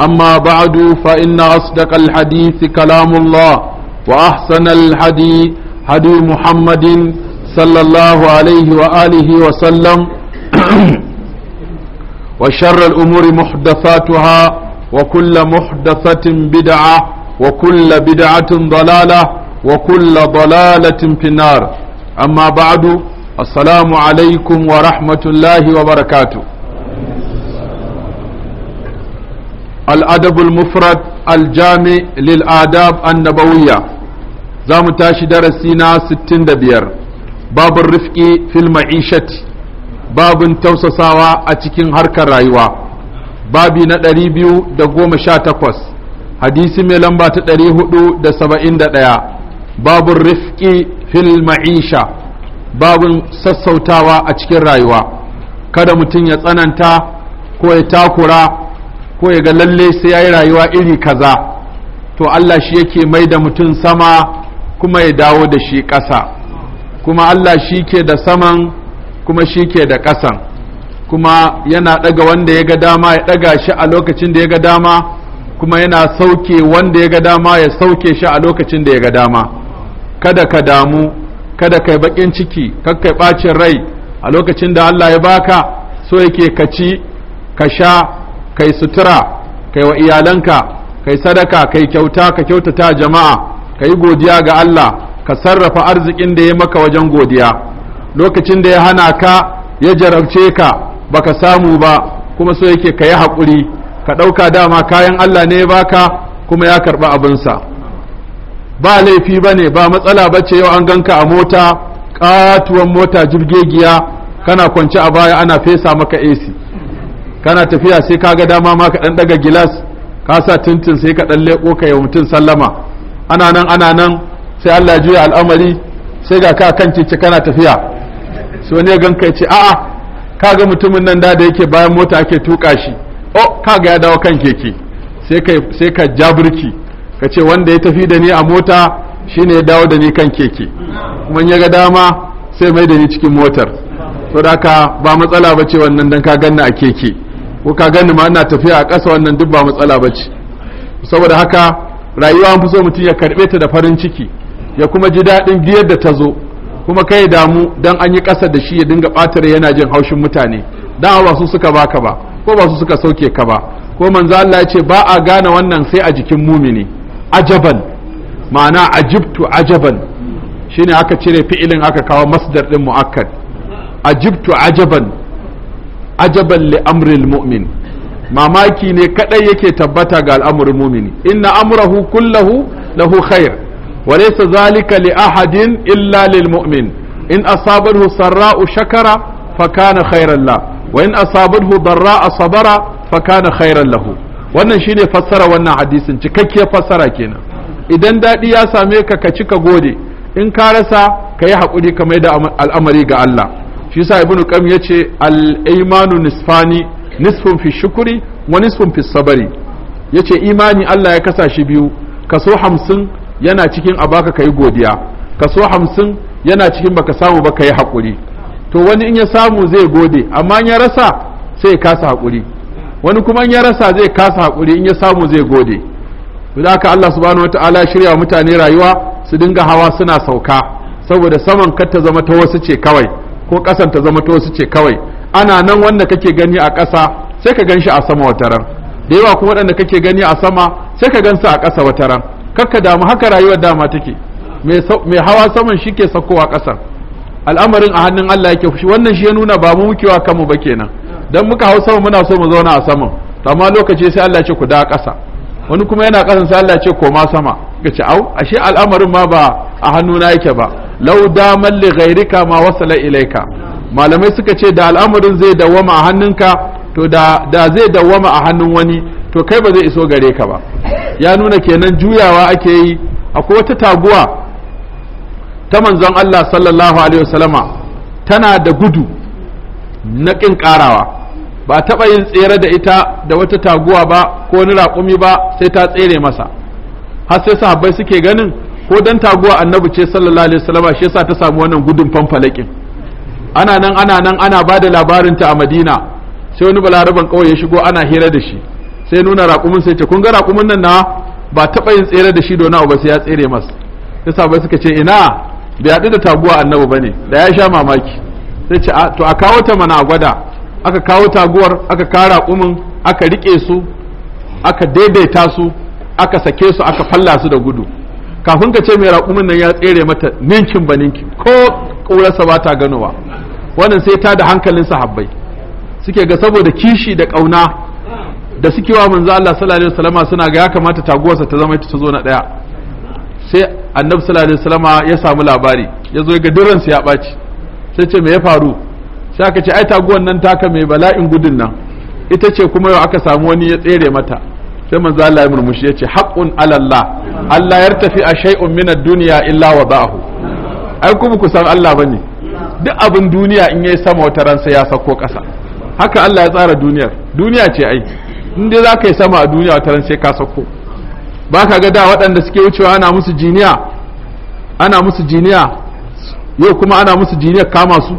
أما بعد فإن أصدق الحديث كلام الله وأحسن الحدي هدي محمد صلى الله عليه وآله وسلم وشر الأمور محدثاتها وكل محدثة بدعة وكل بدعة ضلالة وكل ضلالة في النار أما بعد السلام عليكم ورحمة الله وبركاته al'adabul mufrad aljamilil'adab annabawuyya za mu tashi darasi na sittin da biyar babu rifƙi fil ma'ishat babu tausasawa a cikin harkar rayuwa babi na ɗari biyu da goma sha takwa hadisi mai lamba ta ɗar huɗu da saba'in a aya babu rifƙi fil ma'isha babun sassautawa a cikin rayuwa kada mutum ya tsananta ko ya takura ko ya ga lalle sai ya yi rayuwa iri kaza to Allah shi yake mai da mutum sama kuma ya dawo da shi ƙasa kuma Allah shi ke da saman kuma shi ke da ƙasan kuma yana ɗaga wanda ya ga dama ya ɗaga shi a lokacin da ya ga dama kuma yana sauke wanda ya ga dama ya sauke shi a lokacin da ya ga dama kada ka damu kada kai baƙin ciki kai ɓacin rai a lokacin da Allah ya baka so yake ka ci ka sha kai sutura kai wa iyalanka kai sadaka kai kyauta ka kyautata jama'a kai godiya ga Allah ka sarrafa arzikin da ya maka wajen godiya lokacin da ya hana ka ya jarabce ka baka samu ba kuma so yake ka yi haƙuri ka ɗauka dama kayan Allah ne ya baka kuma ya karɓi sa ba laifi ba ne ba matsala ba ce yau an ganka a mota ƙatuwan mota jirgegiya kana kwance a baya ana fesa maka AC kana tafiya sai ka ga dama ma ka dan daga gilas ka sa tintin sai ka dan leko ka yi mutum sallama ana nan ana nan sai Allah juya al'amari sai ga ka kan kana tafiya sai wani gan kai ce a'a ka ga mutumin nan da da yake bayan mota ake tuka shi oh ka ga ya dawo kan keke sai ka sai ka jabirki ka ce wanda ya tafi da ni a mota shine ya dawo da ni kan keke kuma in ya ga dama sai mai da ni cikin motar saboda ba matsala ba ce wannan dan ka ganna a keke ko ka gani ma ana tafiya a ƙasa wannan duk ba matsala ba ce saboda haka rayuwa an fi so mutum ya karɓe ta da farin ciki ya kuma ji daɗin biyar da ta zo kuma kai damu dan an yi ƙasa da shi ya dinga ɓatare yana jin haushin mutane da ba su suka baka ba ko ba su suka sauke ka ba ko manzo Allah ya ce ba a gane wannan sai a jikin mumini ajaban ma'ana ajibtu ajaban shine aka cire fi'ilin aka kawo masdar din mu'akkad ajibtu ajaban ajaban li amril mu'min mamaki ne kadai yake tabbata ga al'amurin mumini inna amrahu kullahu lahu khair wa laysa zalika li ahadin illa lil mu'min in asabathu sarra'u shakara fa kana khairan la wa in asabathu darra'u sabara fa kana khairan lahu wannan shine fassara wannan hadisin cikakkiyar fassara kenan idan dadi ya same ka ka cika gode in ka rasa ka yi hakuri ka mai da al'amari ga Allah shi yasa ibnu qam yace al-imanu nisfani nisfun fi shukuri wa nisfun fi sabari yace imani Allah ya kasa shi biyu kaso hamsin yana cikin a baka kai godiya kaso hamsin yana cikin baka samu ba kai hakuri to wani in ya samu zai gode amma in ya rasa sai ya kasa hakuri wani kuma in ya rasa zai kasa hakuri in ya samu zai gode da haka Allah subhanahu wataala ya shirya mutane rayuwa su dinga hawa suna sauka saboda saman kar ta zama ta wasu ce kawai ko ƙasan ta zama ta su ce kawai ana nan wanda kake gani a ƙasa sai ka gan shi a sama wata ran da yawa kuma waɗanda kake gani a sama sai ka gan su a ƙasa wata wataran karka damu haka rayuwar dama take mai hawa saman shi ke saukowa ƙasa al'amarin a hannun Allah yake fushi wannan shi ya nuna ba mu mukewa kanmu ba kenan dan muka hau sama muna so mu zauna a saman to amma lokaci sai Allah ya ce ku da ƙasa wani kuma yana ƙasan sai Allah ya ce koma sama ga ce au ashe al'amarin ma ba a hannuna yake ba lau daman li ghairika ma wasala ilaika malamai suka ce da al'amarin zai dawwama a hannunka to da zai dawwama a hannun wani to kai ba zai iso gare ka ba ya nuna kenan juyawa ake yi akwai wata taguwa ta manzon Allah sallallahu alaihi wasallama tana da gudu na ƙin ƙarawa ba taɓa yin tsere da ita da wata taguwa ba ko wani raƙumi ba sai ta tsere masa har sai sahabbai suke ganin ko dan taguwa annabi ce sallallahu alaihi wasallam shi yasa ta samu wannan gudun fanfalakin ana nan ana nan ana ba da labarin ta a Madina sai wani balaraban kawai ya shigo ana hira da shi sai nuna raƙumin sai ce kun ga raƙumin nan na ba taɓa yin tsere da shi do ba sai ya tsere masa yasa bai suka ce ina bai haɗu da taguwa annabi bane da ya sha mamaki sai ce to a kawo ta mana gwada aka kawo taguwar aka kawo raƙumin aka rike su aka daidaita su aka sake su aka falla su da gudu kafin ka ce mai raƙumin nan ya tsere mata ninkin ba ninkin ko ƙurarsa ba ta ganowa wannan sai ta da hankalin sahabbai suke ga saboda kishi da ƙauna da suke wa manzo Allah sallallahu alaihi wasallama suna ga ya kamata taguwarsa ta zama ita ta zo na daya sai annabi sallallahu alaihi wasallama ya samu labari ya zo ga duran ya baci sai ce me ya faru sai aka ce ai taguwar nan taka mai bala'in gudun nan ita ce kuma yau aka samu wani ya tsere mata sai manzo Allah ya murmushi yace haqqun ala Allah Allah ya tafi a shay'un min ad-dunya illa ba'ahu. ai ku ku san Allah bane duk abin duniya in yayi sama wata ran sai ya sako ƙasa haka Allah ya tsara duniyar duniya ce ai in dai zaka yi sama a duniya wata ran sai ka sako ba ka ga da waɗanda suke wucewa ana musu jiniya ana musu jiniya yau kuma ana musu jiniyar kama su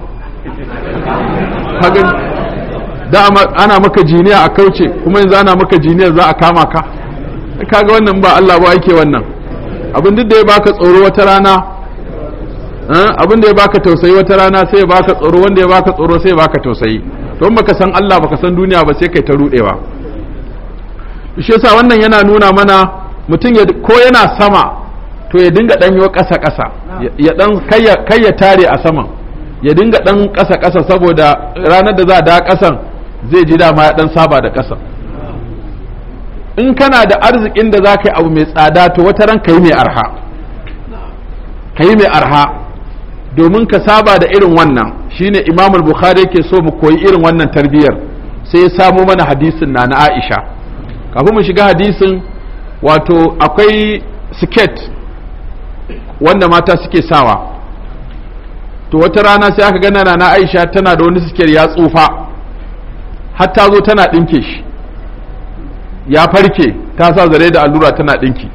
da ana maka jiniya a kauce kuma yanzu ana maka jiniya za a kama ka kaga wannan ba Allah ba yake wannan abin duk da ya baka tsoro wata rana eh, abin da ya baka tausayi wata rana sai ya baka tsoro wanda ya baka tsoro sai ya baka tausayi don baka san Allah baka san duniya ba sai kai ta rudewa shi yasa wannan yana nuna mana mutum ya ko yana sama to ya dinga dan yo kasa kasa ya dan kai ya tare a saman ya dinga dan kasa kasa saboda ranar da za a da kasan zai ji dama ya dan saba da ƙasa in kana da arzikin da za ka yi abu mai tsada to wata ran ka yi mai arha ka yi mai arha domin ka saba da irin wannan shine imamul bukhari yake so mu koyi irin wannan tarbiyyar sai ya samo mana hadisin na na aisha kafin mu shiga hadisin wato akwai siket wanda mata suke sawa to wata rana sai aka gana na na aisha tana da wani siket ya tsufa har ta zo tana ɗinke shi ya farke ta sa zare da allura tana ɗinki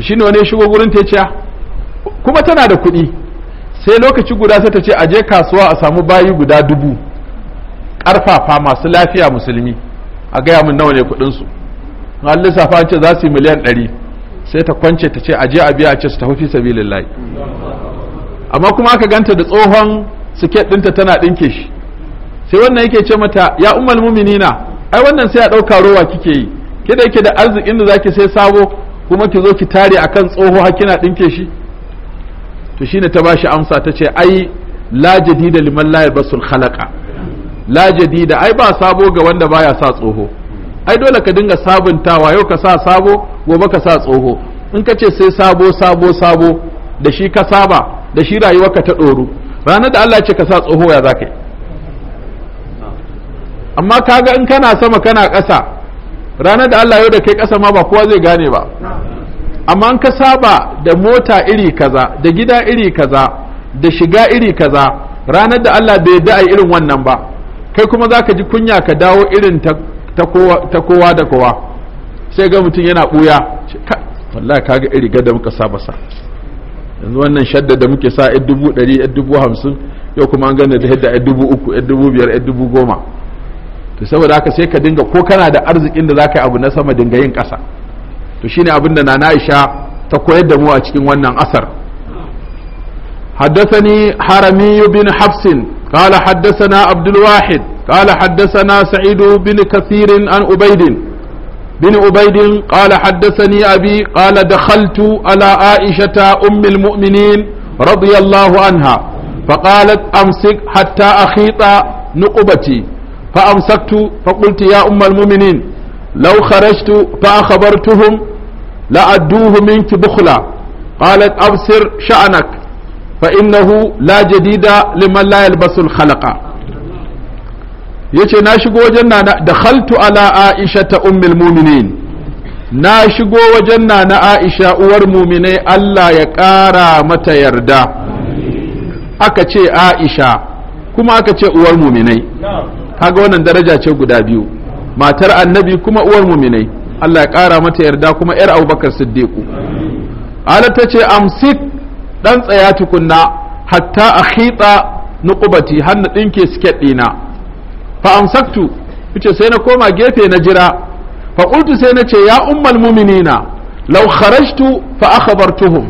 shi ne wani shigo gurin ta ciya ah, kuma tana da kuɗi sai lokaci guda sai ta ce a je kasuwa a samu bayi guda dubu karfafa masu lafiya musulmi a gaya mun nawa ne kuɗinsu an lissafa an ce za su yi miliyan ɗari sai ta kwance ta ce a je a biya a ce su tafi fi sabilillahi amma kuma aka ganta da tsohon siket ɗinta tana ɗinke shi sai wannan yake ce mata ya ummul mu'minina ai wannan sai a ɗauka rowa kike yi ke da yake da arzikin da zaki sai sabo kuma ki zo ki tare akan tsoho har kina dinke shi to shine ta bashi amsa ta ce ai la jadida liman la yabsul khalaqa la jadida ai ba sabo ga wanda baya sa tsoho ai dole ka dinga sabuntawa yau ka sa sabo gobe ka sa tsoho in ka ce sai sabo sabo sabo da shi ka saba da shi rayuwarka ta ɗoru ranar da Allah ce ka sa tsoho ya za amma kaga in kana sama kana ƙasa ranar da Allah yau da kai ƙasa ma ba kowa zai gane ba amma in ka saba da mota iri kaza da gida iri kaza da shiga iri kaza ranar da Allah bai da irin wannan ba kai kuma za ka ji kunya ka dawo irin ta kowa da kowa sai ga mutum yana ɓuya wallahi kaga iri gada muka saba sa yanzu wannan shadda da muke sa 1,000 1,050 yau kuma an gane da yadda 3,000 3,500 to saboda haka sai ka dinga ko kana da arzikin da zaka yi abu na sama dinga yin kasa to shine abin da na aisha ta koyar da mu a cikin wannan asar haddathani harami bin hafs qala haddathana abdulwahid kala qala haddathana sa'id bin kathir an ubaidin بن أبيد قال حدثني أبي قال دخلت على عائشة أم المؤمنين رضي الله عنها فقالت أمسك حتى أخيط نقبتي فأمسكت فقلت يا أم المؤمنين لو خرجت فأخبرتهم لأدوه منك بخلا قالت أبصر شأنك فإنه لا جديد لمن لا يلبس yace na wajen na da khaltu ala aisha ta ummul muminin na shigo wajen na na aisha uwar muminai Allah ya ƙara mata yarda aka ce aisha kuma aka ce uwar muminai kaga wannan daraja ce guda biyu matar annabi kuma uwar muminai Allah ya kara mata yarda kuma yar abubakar siddiqu ala ta ce amsik dan tsaya tukunna hatta a khita nuqubati hannu na ɗinke siket ɗina fa amsaktu yace sai na koma gefe na jira fa qultu sai na ce ya ummal muminina law kharajtu fa akhbartuhum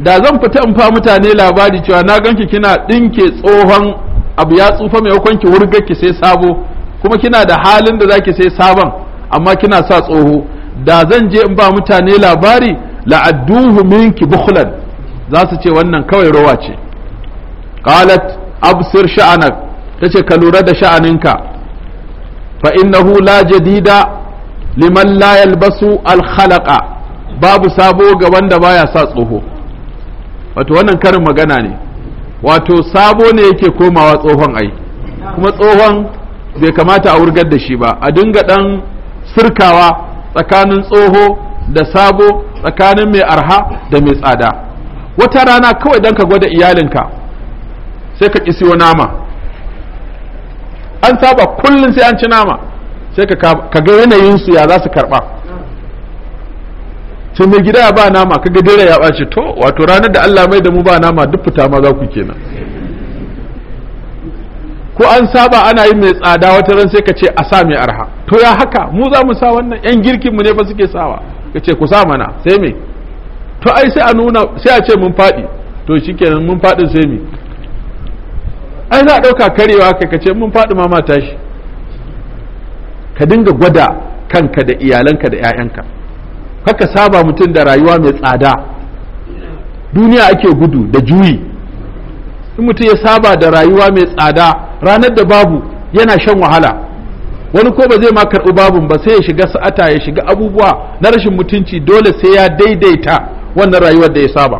da zan fita in fa mutane labari cewa na ganki kina ɗinke tsohon abu ya tsufa mai ki wurga ki sai sabo kuma kina da halin da zaki sai sabon amma kina sa tsoho da zan je in ba mutane labari la'adduhu minki bukhlan za su ce wannan kawai rawa ce qalat absir sha'anak tace ka lura da sha'aninka fa innahu la jadida liman la yalbasu al khalaqa babu sabo ga wanda baya sa tsoho wato wannan karin magana ne wato sabo ne yake komawa tsohon ai kuma tsohon bai kamata a wurgar da shi ba a dinga dan sirkawa tsakanin tsoho da sabo tsakanin mai arha da mai tsada wata rana kawai dan ka gwada iyalinka sai ka kisiyo nama an saba kullum sai an ci nama sai ka ga yanayinsu ya za su karba To mai gida ya ba nama ka ga dare ya ɓace to wato ranar da Allah mai da mu ba nama duk fita ma za ku kenan ko an saba ana yi mai tsada wata ran sai ka ce a sa mai arha to ya haka mu za mu sa wannan yan girkin mu ne fa suke sawa ka ce ku sa mana sai me to ai sai a nuna sai a ce mun faɗi to shikenan mun faɗi sai me ai za a ɗauka karewa kai ka ce mun faɗi ma mata shi ka dinga gwada kanka da iyalanka da 'ya'yanka haka saba mutum da rayuwa mai tsada duniya ake gudu da juyi in mutum ya saba da rayuwa mai tsada ranar da babu yana shan wahala wani ko ba zai ma karɓi babu ba sai ya shiga sa'ata ya shiga abubuwa na rashin mutunci dole sai ya daidaita wannan rayuwar da ya saba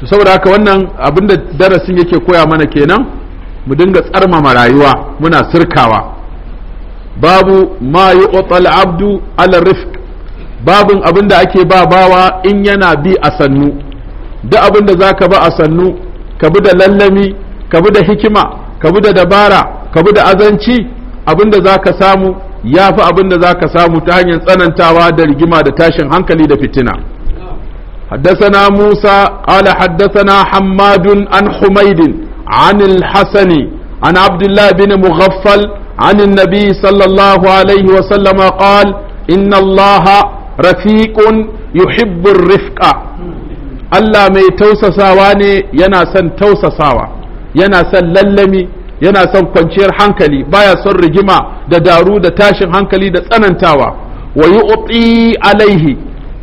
to saboda haka wannan abinda darasin yake koya mana kenan mu dinga tsarmama rayuwa muna sirkawa babu ma yu'tal abdu alarif babun abin da ake ba bawa in yana bi a sannu duk abin da zaka ba a sannu ka bi da lallami ka bi da hikima ka bi da dabara ka bi da azanci abin da zaka samu ya fi abin da ka samu ta hanyar tsanantawa da rigima da tashin hankali da fitina حدثنا موسى قال حدثنا حماد عن حميد عن الحسن عن عبد الله بن مغفل عن النبي صلى الله عليه وسلم قال إن الله رفيق يحب الرفق Allah mai tausasawa ne yana son tausasawa yana son lallami yana son kwanciyar hankali baya son rigima da daru da tashin hankali da tsanantawa wa yu'ti alaihi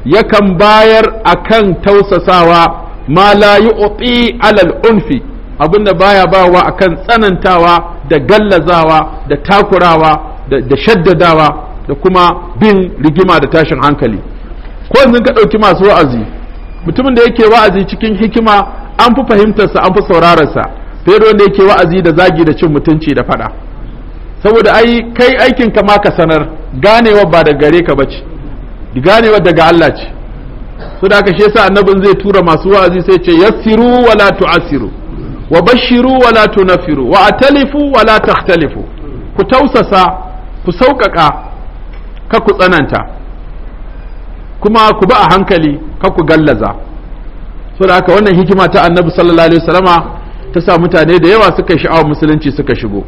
yakan bayar akan tausasawa ma la yu'ti alal unfi Abin da baya bawa a kan tsanantawa da gallazawa da takurawa da shaddadawa da kuma bin rigima da tashin hankali ko yanzu ka ɗauki masu wa'azi mutumin da yake wa'azi cikin hikima an fi fahimtarsa an fi saurararsa fiye da wanda yake wa'azi da zagi da cin mutunci da faɗa saboda ai kai aikin ka ma ka sanar ganewa ba da gare ka bace ganewa daga Allah ce su da aka shi yasa annabin zai tura masu wa'azi sai ce yassiru wala tu'assiru wa bashiru wa la tunafiru wa atalifu wa la takhtalifu ku tausasa ku sauƙaƙa ka ku tsananta kuma ku ba a hankali ka ku gallaza so da haka wannan hikima ta annabi sallallahu alaihi wasallama ta sa mutane da yawa suka sha'awar musulunci suka shigo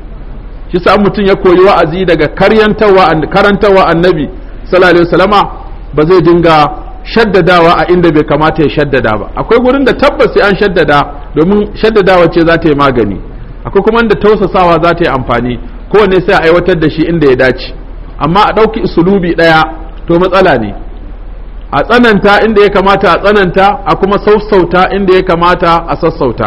shi sa mutum ya koyi wa'azi daga karantarwa annabi sallallahu alaihi wasallama ba zai dinga shaddadawa a inda bai kamata ya shaddada ba akwai gurin da tabbas sai an shaddada domin shaddadawa ce za ta yi magani akwai kuma da tausasawa za ta yi amfani kowane sai a aiwatar da shi inda ya dace amma a ɗauki sulubi ɗaya to matsala ne a tsananta inda ya kamata a tsananta a kuma sassauta inda ya kamata a sassauta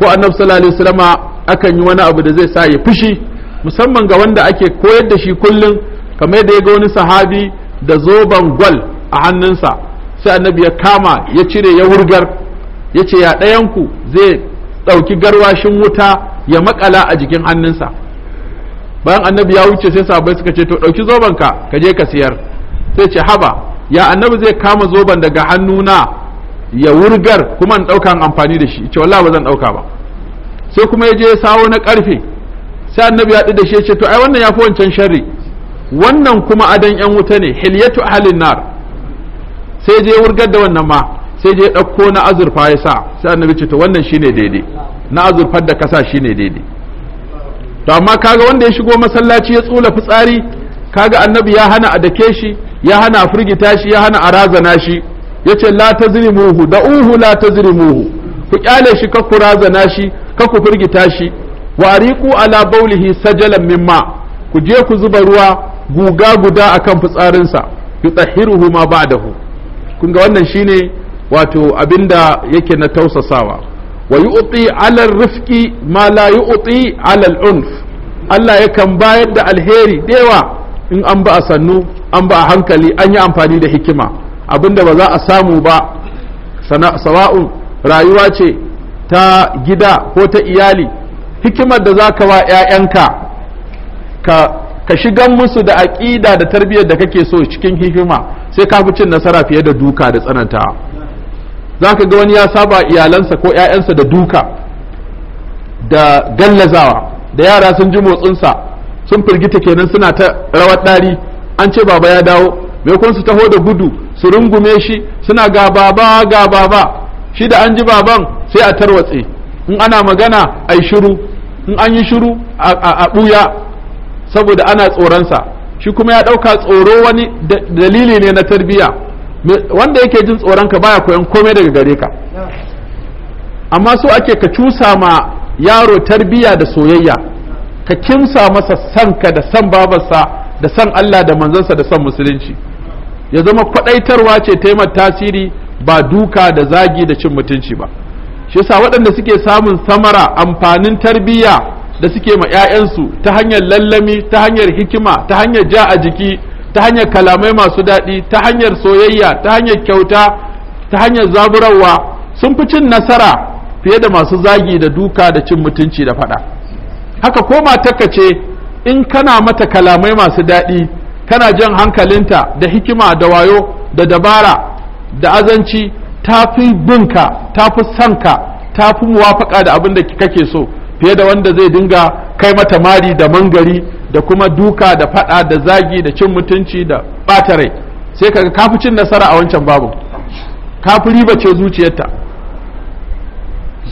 ko annabi sallallahu alaihi akan yi wani abu da zai sa ya fushi musamman ga wanda ake koyar da shi kullum kamar yadda ya ga wani sahabi da zoben gwal a hannunsa sai annabi ya kama ya cire ya wurgar ya ce ya ɗayanku zai ɗauki garwashin wuta ya makala a jikin hannunsa bayan annabi ya wuce sai sabai suka ce to ɗauki zobanka ka je ka siyar sai ce haba ya annabi zai kama zoban daga hannuna ya wurgar kuma in ɗaukan amfani da shi ce wallah ba zan ɗauka ba sai kuma ya je ya sawo na ƙarfe sai annabi ya ɗi da shi ce to ai wannan ya fi wancan sharri wannan kuma adan yan wuta ne hilyatu ahlin nar sai je wurgar da wannan ma sai je ɗauko na azurfa ya sa sai annabi ce to wannan shine daidai na azurfar da kasa shine daidai to amma kaga wanda ya shigo masallaci ya tsula fitsari kaga annabi ya hana a dake shi ya hana a firgita shi ya hana a razana shi ya ce la tazrimuhu da uhu la tazrimuhu ku kyale shi ka ku razana shi ka ku firgita shi wa riqu ala baulihi sajalan mimma ku je ku zuba ruwa guga guda akan fitsarinsa yutahhiruhu ma ba'dahu kun ga wannan shine wato abinda yake na tausasawa wa yu'ti ala rifqi ma la yu'ti ala al-unf Allah yakan bayar da alheri dewa in an ba a sannu an ba a hankali an yi amfani da hikima abinda ba za a samu ba sawa'un rayuwa ce ta gida ko ta iyali hikimar da za ka wa 'ya'yanka ka shigan musu da aƙida da tarbiyyar da kake so cikin hikima sai ka fi cin nasara fiye da duka da tsananta. za ka ga wani ya saba iyalansa ko 'ya'yansa da duka da gallazawa da yara sun ji motsinsa sun firgita kenan suna ta rawar ɗari an ce baba ya dawo kun su taho da gudu su rungume shi suna ga baba ga baba shi da an ji baban sai a tarwatse in ana magana a yi shiru in an yi shiru a ɓuya saboda ana tsoronsa shi kuma ya ɗauka tsoro wani dalili ne na tarbiyya wanda yake jin tsoron ka baya koyan komai daga gare ka amma so ake ka cusa ma yaro tarbiya da soyayya ka kimsa masa san ka da san babarsa da san Allah da manzansa da san musulunci ya zama kwadaitarwa ce ta yi tasiri ba duka da zagi da cin mutunci ba shi yasa waɗanda suke samun samara amfanin tarbiyya da suke ma 'ya'yansu ta hanyar lallami ta hanyar hikima ta hanyar ja a jiki ta hanyar kalamai masu daɗi ta hanyar soyayya ta hanyar kyauta ta hanyar zaburarwa sun fi cin nasara fiye da masu zagi da duka da cin mutunci da faɗa haka ko matarka ce in kana mata kalamai masu daɗi kana jan hankalinta da hikima da wayo da dabara da azanci ta fi binka ta fi sanka ta fi muwafaka da abin da kake so fiye da wanda zai dinga kai mata mari da mangari da kuma duka da fada da zagi da cin mutunci da bata rai sai kaga kafi cin nasara a wancan babu kafi riba ce zuciyarta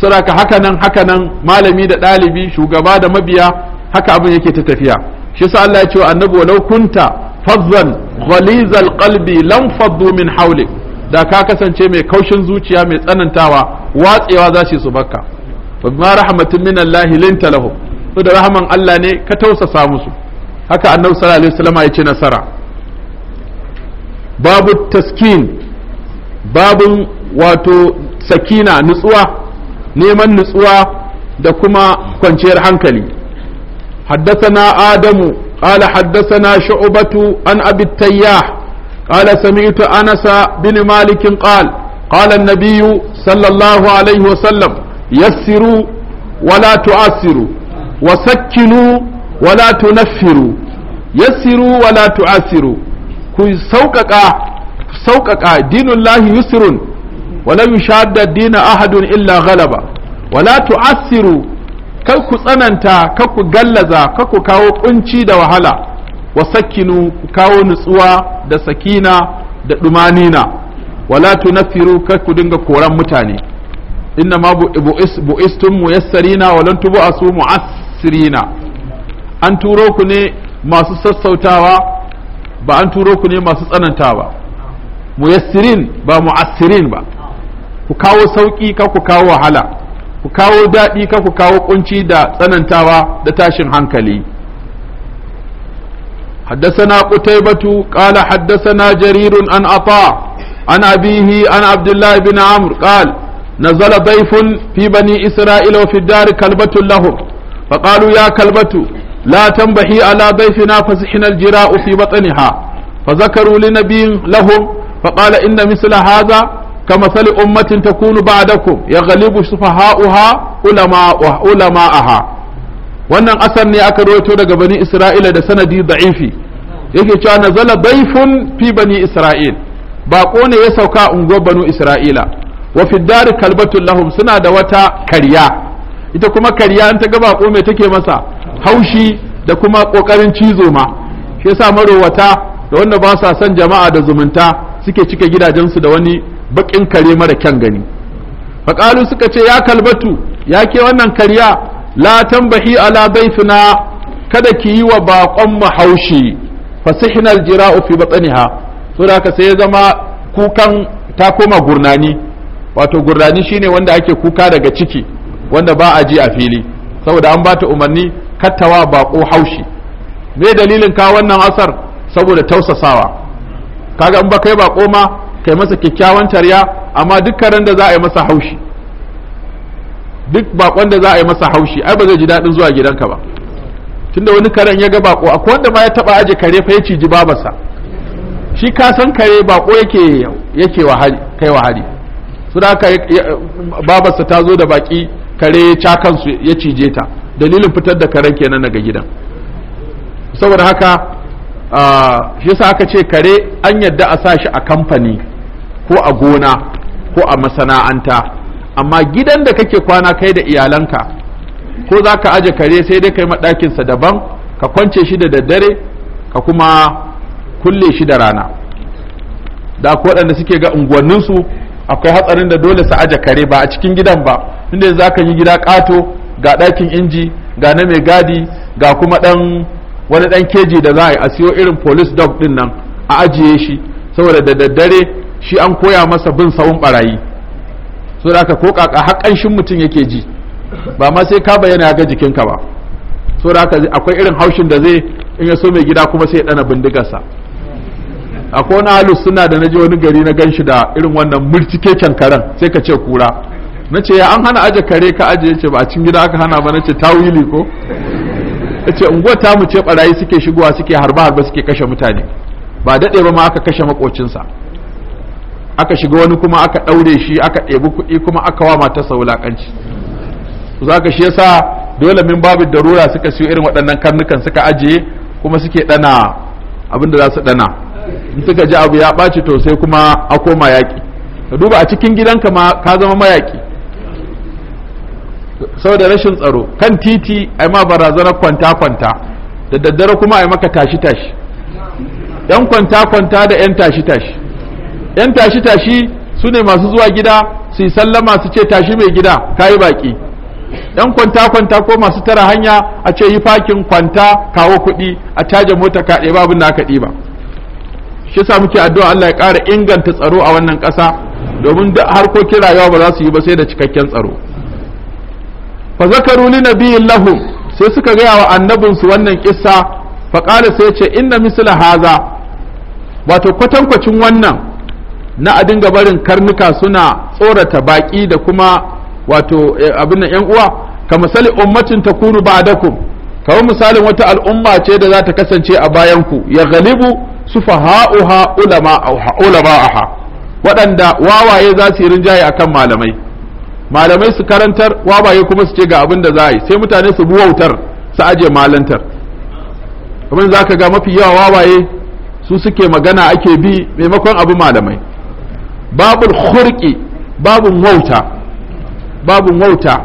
saraka haka nan haka nan malami da ɗalibi shugaba da mabiya haka abin yake ta tafiya shi sa Allah ya ce annabi walau kunta fazzan ghalizal qalbi lam faddu min hawlik da ka kasance mai kaushin zuciya mai tsanantawa watsewa za su bakka فبما رحمة من الله لنت له سو da rahaman Allah ne ka tausasa musu haka annabi sallallahu alaihi wasallam ya ce nasara babu taskin babu wato sakina nutsuwa neman nutsuwa da kuma kwanciyar hankali haddathana adamu qala haddathana shu'batu an abi tayyah qala sami'tu anasa bin malikin qala qala an-nabiyyu sallallahu alaihi wasallam sallam Yasiru wala tu'assiru wa sakkinu wala tunaffiru yassiru wala tu'assiru ku sauƙaƙa dinullahi yusrun wala yushadda dina ahadun illa galaba wala tu'assiru kar ku tsananta kar ku gallaza kar ku kawo ƙunci da wahala wa ku kawo nutsuwa da sakina da dumanina wala tunaffiru kar ku dinga koran mutane inna ma bu'istum muyassarina wa lan tub'asu mu'assirina an turo ku ne masu sassautawa ba an turo ku ne masu tsanantawa ba muyassirin ba mu'assirin ba ku kawo sauki ka ku kawo wahala ku kawo daɗi ka ku kawo kunci da tsanantawa da tashin hankali حدثنا قتيبة قال حدثنا جرير عن عطاء عن أبيه عن عبد الله بن عمرو قال نزل ضيف في بني إسرائيل وفي الدار كلبة لهم فقالوا يا كلبة لا تنبحي على ضيفنا فزحنا الجراء في بطنها فذكروا لنبي لهم فقال إن مثل هذا كمثل أمة تكون بعدكم يغلب سفهاؤها علماء علماءها wannan asar ne aka rawaito daga bani isra'ila da sanadi da'ifi yake cewa nazala daifun fi bani isra'il baƙo ne ya sauka unguwar banu isra'ila wa fi dari lahum suna da wata karya ita kuma karya an ta ga bako mai take masa haushi da kuma kokarin cizo ma shi yasa marowata da wanda ba sa son jama'a da zumunta suke cike gidajensu da wani bakin kare mara kyan gani faƙalu suka ce ya kalbatu ya ke wannan karya la tambahi ala baytuna kada ki yi wa baƙon mu haushi fasihinal jira'u fi batsaniha saboda ka sai zama kukan ta koma gurnani wato gurrani shine wanda ake kuka daga ciki wanda ba a ji a fili saboda an ba ta umarni kattawa bako haushi me dalilin ka wannan asar saboda tausasawa kaga in ba kai bako ma kai masa kyakkyawan tarya amma dukkan da za a yi masa haushi duk bakon da za a yi masa haushi ai ba zai ji daɗin zuwa gidanka ba tunda wani karen ya ga bako akwai wanda ma ya taba aje kare fa ya ciji babarsa shi ka san kare bako yake yake wahali kai wahali su da babarsa ta zo da baki kare cakansu ya cije ta dalilin fitar da karen kenan daga gidan saboda haka shi yasa aka ce kare an yadda a sa shi a kamfani ko a gona ko a masana'anta amma gidan da kake kwana kai da iyalanka ko za ka aje kare sai dai ka kai maɗakinsa daban ka kwance shi da daddare ka kuma kulle shi da rana da waɗanda suke ga unguwanninsu akwai hatsarin da dole su aje kare ba a cikin gidan ba inda za ka yi gida ƙato ga ɗakin inji ga na mai gadi ga kuma ɗan wani ɗan keji da za a yi a siyo irin police dog ɗin nan a ajiye shi saboda da daddare shi an koya masa bin sawun barayi so da aka ko kaka shin mutum yake ji ba ma sai ka bayyana ga jikinka ba so da aka akwai irin haushin da zai in ya so mai gida kuma sai ya ɗana bindigarsa akwai wani halus suna da je wani gari na ganshi da irin wannan murtikeken karen sai ka ce kura na ce ya an hana aje kare ka aje ce ba a cin gida aka hana ba na ce tawili ko ya ce unguwar ta mu ce barayi suke shigowa suke harba harba suke kashe mutane ba daɗe ba ma aka kashe makocinsa aka shiga wani kuma aka ɗaure shi aka ɗebi kuɗi kuma aka wa matarsa wulaƙanci za ka shi yasa dole min babu darura suka siyo irin waɗannan karnukan suka ajiye kuma suke ɗana abinda za su ɗana in suka ji abu ya ɓaci to sai kuma a koma yaƙi ka duba a cikin gidanka ma ka zama mayaƙi saboda rashin tsaro kan titi a ma barazanar kwanta-kwanta da daddare kuma a maka tashi-tashi yan kwanta-kwanta da yan tashi-tashi yan tashi-tashi su ne masu zuwa gida su yi sallama su ce tashi mai gida ka yi baƙi. yan kwanta-kwanta ko masu tara hanya a ce yi fakin kwanta kawo kuɗi a caje mota ka ɗeba abin da aka ɗiba shi sa muke addu'a Allah ya ƙara inganta tsaro a wannan ƙasa domin duk harkokin rayuwa ba za su yi ba sai da cikakken tsaro fa zakaru li nabiyyin lahum sai suka gaya wa annabin su wannan kissa fa qala sai ce inna misla haza wato kwatankwacin wannan na a dinga barin karnuka suna tsorata baki da kuma wato eh, abin yan uwa ka misali ummatin takunu ba'dakum kamar misalin wata al'umma ce da za ta kasance a bayan ku ya galibu sufaha'uha ulama'aha waɗanda wawaye za su yi rinjaye akan malamai malamai su karantar wawaye kuma su ce ga abin da za a yi sai mutane su buwautar su aje malantar abin za ka ga mafi yawa wawaye su suke magana ake bi maimakon abu malamai babul khurki babun wauta babun wauta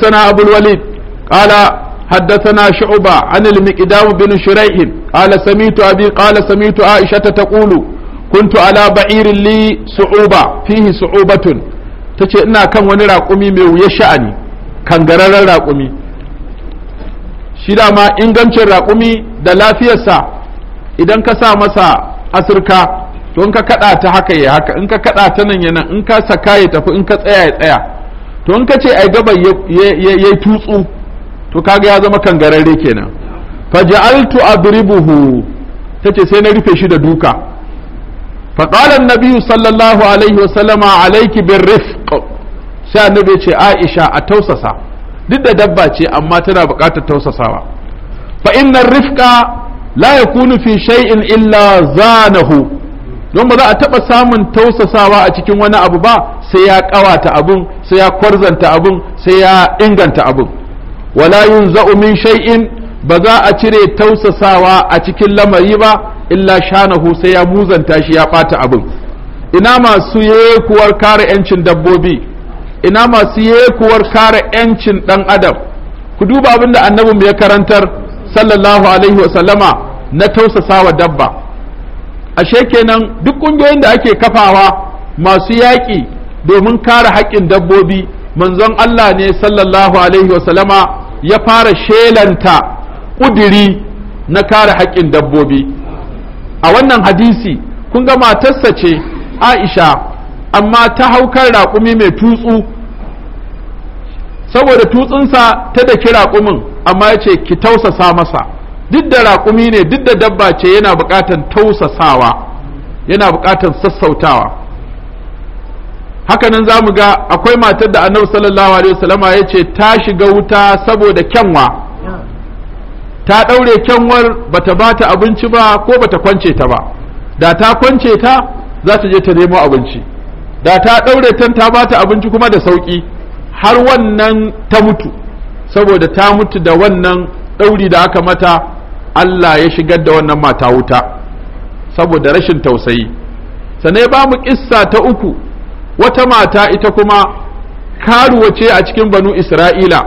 sana abul walid qala حدثنا شعبة عن المقدام بن شريح قال سميت أبي قال سميت عائشة تقول كنت على بعير لي صعوبة فيه صعوبة تجي إنا كان ونرى قمي ميو يشأني كان غرر راقمي شيرا ما إنغنش راقمي دلافية سا إذن كسا مسا أسركا to in ka kada ta haka ya haka in ka kada ta nan yana in ka saka ya tafi in ka tsaya ya tsaya to in ka ce ai gabar ya tutsu to kaga ya zama kangararre kenan faj'altu adribuhu tace sai na rufe shi da duka fa qala an-nabi sallallahu alaihi wasallama alayki birrifq sai annabi ce Aisha a tausasa duk da dabba ce amma tana buƙatar tausasawa fa innar rifqa la yakunu fi shay'in illa zanahu don ba za a taɓa samun tausasawa a cikin wani abu ba sai ya ƙawata abun sai ya kwarzanta abun sai ya inganta abun wala yunza'u min shay'in ba za a cire tausasawa a cikin lamari ba illa shanahu sai ya muzanta shi ya ɓata abin ina masu yekuwar kare 'yancin dabbobi ina masu yekuwar kare 'yancin ɗan adam ku duba abin da annabinmu ya karantar sallallahu alaihi wasallama na tausasawa dabba ashe kenan duk ƙungiyoyin da ake kafawa masu yaƙi domin kare haƙƙin dabbobi manzon Allah ne sallallahu alaihi wasallama ya fara shelanta ƙudiri na kare haƙƙin dabbobi a wannan hadisi kun ga matarsa ce aisha amma ta haukar raƙumi mai tutsu saboda tutsunsa ta daki raƙumin amma ya ce ki tausasa masa duk da raƙumi ne duk da dabba ce yana buƙatar tausasawa yana buƙatar sassautawa haka nan za mu ga akwai matar da annabi sallallahu alaihi wasallama ya ce ta shiga wuta saboda kyanwa ta ɗaure kyanwar ba bata bata abinci ba ko ba ta kwance ta ba da ta kwance ta za ta je ta nemo abinci da ta ɗaure tan ta bata abinci kuma da sauƙi har wannan ta mutu saboda ta mutu da wannan ɗauri da aka mata Allah ya shigar da wannan mata wuta saboda rashin tausayi sanai ba mu ƙissa ta uku wata mata ita kuma karuwa ce a cikin banu isra'ila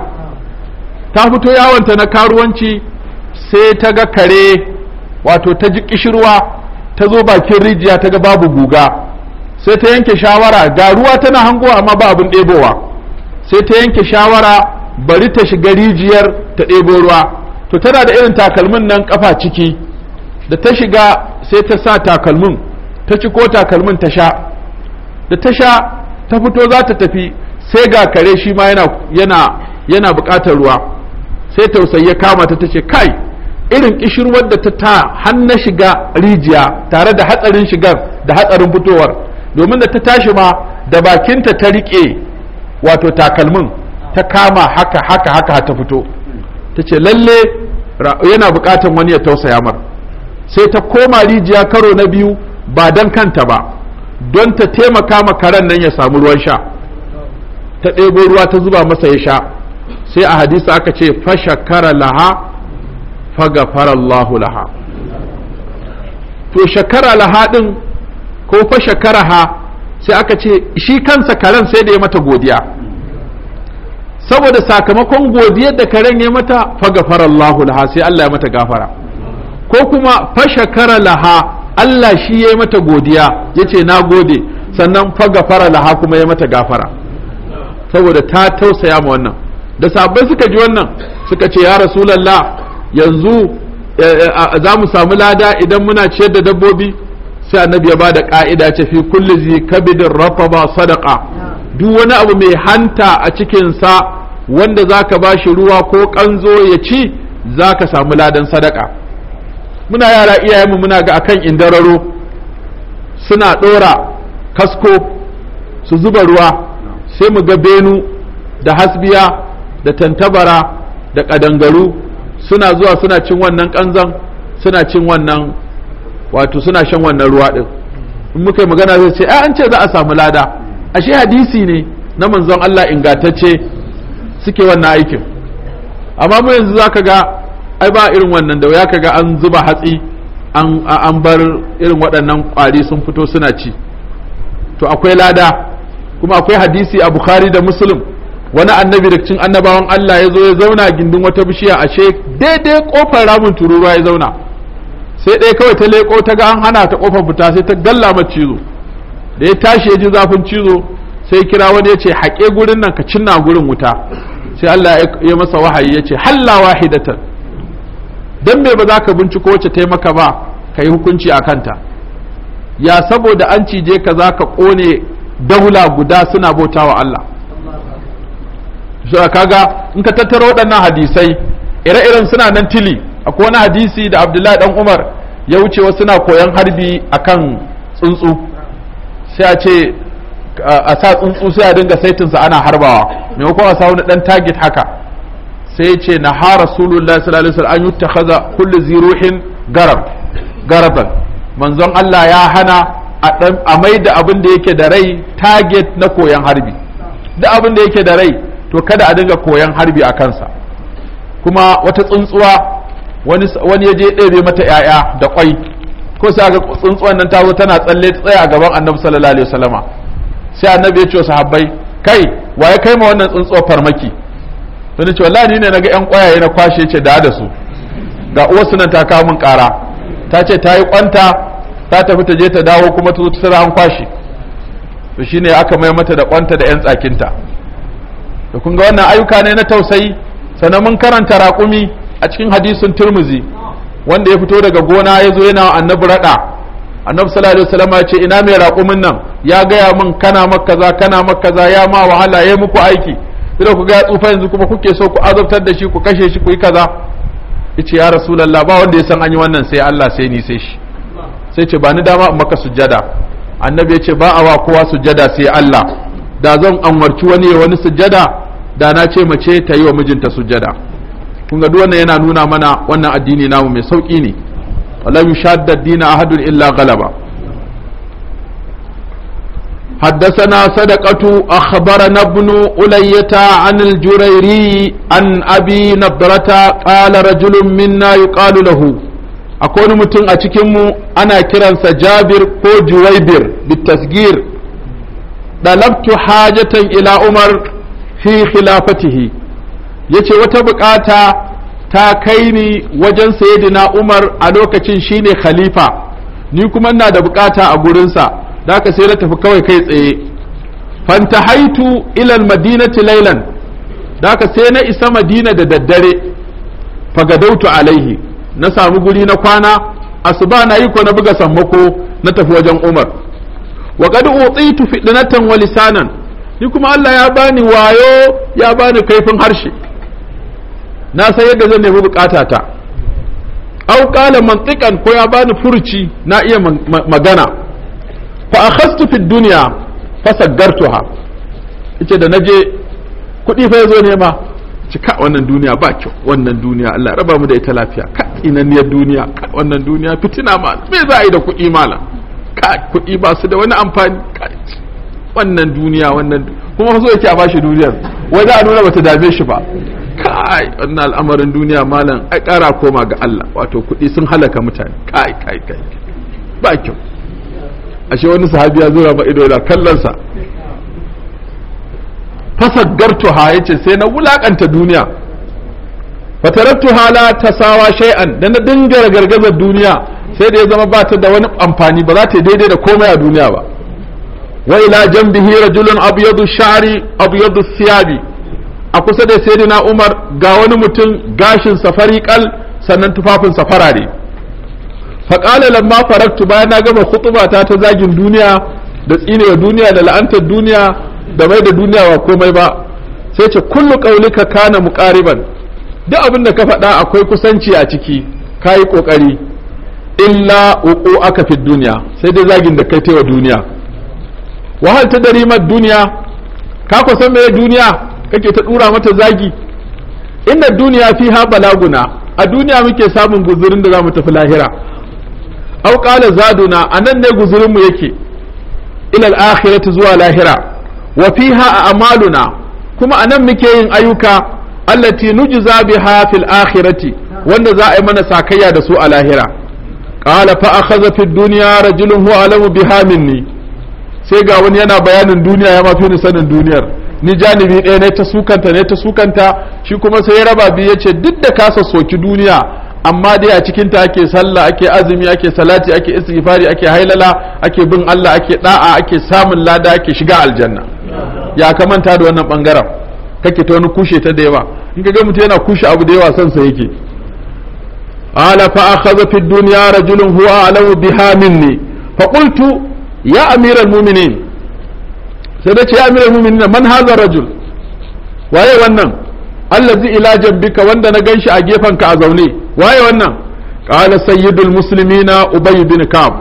ta fito yawanta na karuwanci sai ta ga kare wato ta ji kishirwa ta zo bakin rijiya ta ga babu guga sai ta yanke shawara ga ruwa tana hangowa amma ba abin ɗebowa sai ta yanke shawara bari ta shiga rijiyar ta ɗebo ruwa to tana da irin takalmin nan ƙafa ciki da ta shiga sai ta sa takalmin ta ci ko takalmin ta sha da ta sha ta fito za ta tafi sai ga kare shi ma yana yana ruwa sai tausayi ya kama ta tace kai irin kishirwar da ta ta hannun shiga rijiya tare da hatsarin shigar da hatsarin fitowar domin da ta tashi ma da bakinta ta riƙe wato takalmin ta kama haka haka haka ta fito ta ce lalle yana bukatar wani ya tausaya mar sai ta koma rijiya karo na biyu ba don kanta ba don ta taimaka ma karen nan ya samu ruwan sha ta ɗebo ruwa ta zuba masa ya sha sai a hadisi aka ce fashakara laha fagafarallahu laha to shakara laha ɗin ko fashakara ha sai aka ce shi kansa karen sai da ya mata godiya saboda sakamakon godiyar da karen ya mata fagafarallahu laha sai Allah ya mata gafara ko kuma fashakara laha Allah shi ya yi mata godiya ya ce na gode sannan fagafara laha kuma ya mata gafara saboda ta tausaya ma wannan da sabai suka ji wannan suka ce ya rasu lalla yanzu eh, eh, za mu samu lada idan muna ciyar da dabbobi sai annabi ya bada ka'ida ce fi kulli zi kabidin rafaba sadaka duk wani abu mai hanta a cikin sa wanda zaka bashi ruwa ko kanzo ya ci zaka samu ladan sadaka muna yara iyayenmu muna ga akan indararo suna ɗora kasko su zuba ruwa sai mu ga benu da hasbiya da tantabara da ƙadangaru suna zuwa suna cin wannan ƙanzan suna cin wannan wato suna shan wannan ruwa ɗin in muka yi magana zai ce an ce za a samu lada ashe hadisi ne na manzon Allah ingatacce suke wannan aikin amma mu yanzu zaka ga ai ba irin wannan da ya kaga an zuba hatsi an bar irin waɗannan ƙwari sun fito suna ci to akwai lada kuma akwai hadisi a bukhari da muslim wani annabi da cin annabawan allah ya zo ya zauna gindin wata bishiya ashe daidai kofar ramin tururuwa ya zauna sai ɗaya kawai ta leƙo ta ga an hana ta kofar fita sai ta galla ma cizo da ya tashi ya ji zafin cizo sai kira wani ya ce haƙe gurin nan ka cinna gurin wuta sai allah ya masa wahayi ya ce halla wahidatan don me ba za ka binciko wacce taimaka ba ka yi hukunci a kanta ya saboda an cije ka za ka kone daula guda suna bauta wa Allah kaga in ka tattara waɗannan hadisai ire-iren suna nan tili akwai wani hadisi da abdullahi dan umar ya wuce wasu suna koyon harbi a kan tsuntsu sai a ce a sa tsuntsu sai a dinga saitinsa ana harbawa maimakon a sa wani ɗan target haka sai ya ce na ha rasulullahi sallallahu alaihi wasallam an yuttakhadha kullu ziruhin garab garaban manzon Allah ya hana a mai da abin da yake da rai target na koyan harbi duk abin da yake da rai to kada a dinga koyan harbi a kansa kuma wata tsuntsuwa wani ya je ɗebe mata 'ya'ya da kwai ko sai ga tsuntsuwan nan ta zo tana tsalle tsaya a gaban annabi sallallahu alaihi wasallama sai annabi ya ce sahabbai kai waye kai ma wannan tsuntsuwar farmaki sai ce wallahi ni ne naga yan kwayaye na kwashe ce da da su ga uwarsu nan ta kawo min kara ta ce ta yi kwanta ta tafi ta je ta dawo kuma ta zo ta sara an kwashe to shine aka mai mata da kwanta da yan tsakinta to kun ga wannan ayyuka ne na tausayi sannan mun karanta raƙumi a cikin hadisin turmuzi wanda ya fito daga gona ya zo yana annabi raɗa annabi sallallahu alaihi wasallam ya ce ina mai raƙumin nan ya gaya min kana maka kaza kana maka kaza ya ma wahala ya muku aiki sai ku ga tsufa yanzu kuma kuke so ku azabtar da shi ku kashe shi ku yi kaza yace ya rasulullah ba wanda ya san an yi wannan sai Allah sai ni sai shi sai ce ba ni dama in maka sujada annabi ya ce ba a wa kowa sujada sai Allah da zan anwarci wani ya wani sujada da na ce mace ta yi wa mijinta sujada. kun ga wannan yana nuna mana wannan addini namu mai sauki ne wala yushadda dina ahadun illa galaba حدثنا صدقة أخبرنا ابن ألية عن الجريري عن أبي نضرة قال رجل منا يقال له أكون متن أتكم أنا كرنس جابر كو جويبر بالتسجير طلبت حاجة إلى عمر في خلافته yace wata bukata ta kai ni wajen sayyidina Umar a lokacin shine khalifa ni kuma ina da bukata a gurinsa da aka sai na tafi kawai kai tsaye fantahaitu ilal madinati lailan da aka sai na isa madina da daddare fagadautu alaihi na samu guri na kwana asuba na yi ko na buga sammako na tafi wajen umar wa qad utitu fidnatan wa lisanan ni kuma Allah ya bani wayo ya bani kaifin harshe na san yadda zan nemi bukatata au qala mantiqan ko ya bani furuci na iya magana fa akhastu fi dunya fa saggartuha yace da naje kudi fa yazo nema ka wannan duniya ba kyau wannan duniya Allah raba mu da ita lafiya ka inaniyar duniya ka wannan duniya fitina ma me za a yi da kudi mala ka kudi ba su da wani amfani wannan duniya wannan kuma so yake a bashi duniyar wai za a nuna bata dame shi ba kai wannan al'amarin duniya malam ai kara koma ga Allah wato kuɗi sun halaka mutane kai kai kai ba kyau ashe wani sahabi ya zura ba ido yana kallonsa fasaggartuha ha ce sai na wulakanta duniya tuhala ta sawa shay'an da na dinga gargazar duniya sai da ya zama ba ta da wani amfani ba za ta daidai da komai a duniya ba wa ila jambihi rajulun abyadu sha'ri abyadu siyabi a kusa da sayyidina Umar ga wani mutum gashin safari kal sannan tufafin safarare faƙala lamma faraktu bayan na gama khutubata ta zagin duniya da tsinewa duniya da la'antar duniya da mai da duniya wa komai ba sai ce kullu qaulika kana muƙariban duk abin da ka faɗa akwai kusanci a ciki ka yi ƙoƙari. illa uku aka fi duniya sai dai zagin da kai ta wa duniya wahal ta dari duniya ka kusan me duniya kake ta ɗura mata zagi Inda duniya fi fiha balaguna a duniya muke samun guzurin da za mu tafi lahira aw qala zaduna anan ne guzurin mu yake ila al-akhirati zuwa lahira wa fiha a'maluna kuma anan muke yin ayyuka allati nujza biha fil akhirati wanda za a yi mana sakayya da su a lahira qala fa akhadha fid dunya rajulun huwa alamu biha minni sai ga wani yana bayanin duniya ya mafi ni sanin duniyar ni janibi ɗaya ne ta sukanta ne ta sukanta shi kuma sai ya raba biyu ya ce duk da kasa soki duniya amma dai a cikin ta ake sallah ake azumi ake salati ake istighfari ake hailala ake bin Allah ake da'a ake samun lada ake shiga aljanna ya kamanta da wannan bangaren kake ta wani kushe ta da yawa in kaga mutum yana kushe abu da yawa son sa yake ala fa akhadha fi dunya rajulun huwa alamu biha minni fa qultu ya amiral mu'minin sai da ce ya amiral mu'minin man hadha rajul waye wannan allazi ila jambika wanda na ganshi a gefen ka a zaune waye wannan qala sayyidul muslimina ubay bin ka'ab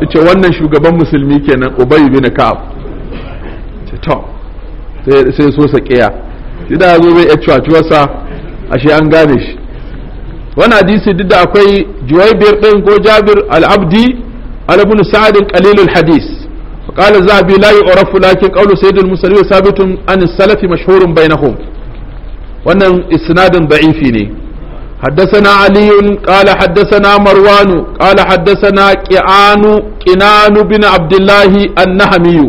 yace wannan shugaban musulmi kenan ubay bin ka'ab to sai sai so sakiya idan zo bai ya cuwa ashe an gane shi wani hadisi duk da akwai juwaibir din ko jabir al-abdi على ابن سعد قليل الحديث فقال الذهبي لا يعرف لكن قول سيد المسلمين ثابت عن السلف مشهور بينهم wannan isnadin da'ifi ne حدثنا علي قال حدثنا مروان قال حدثنا قعان قنان بن عبد الله النهمي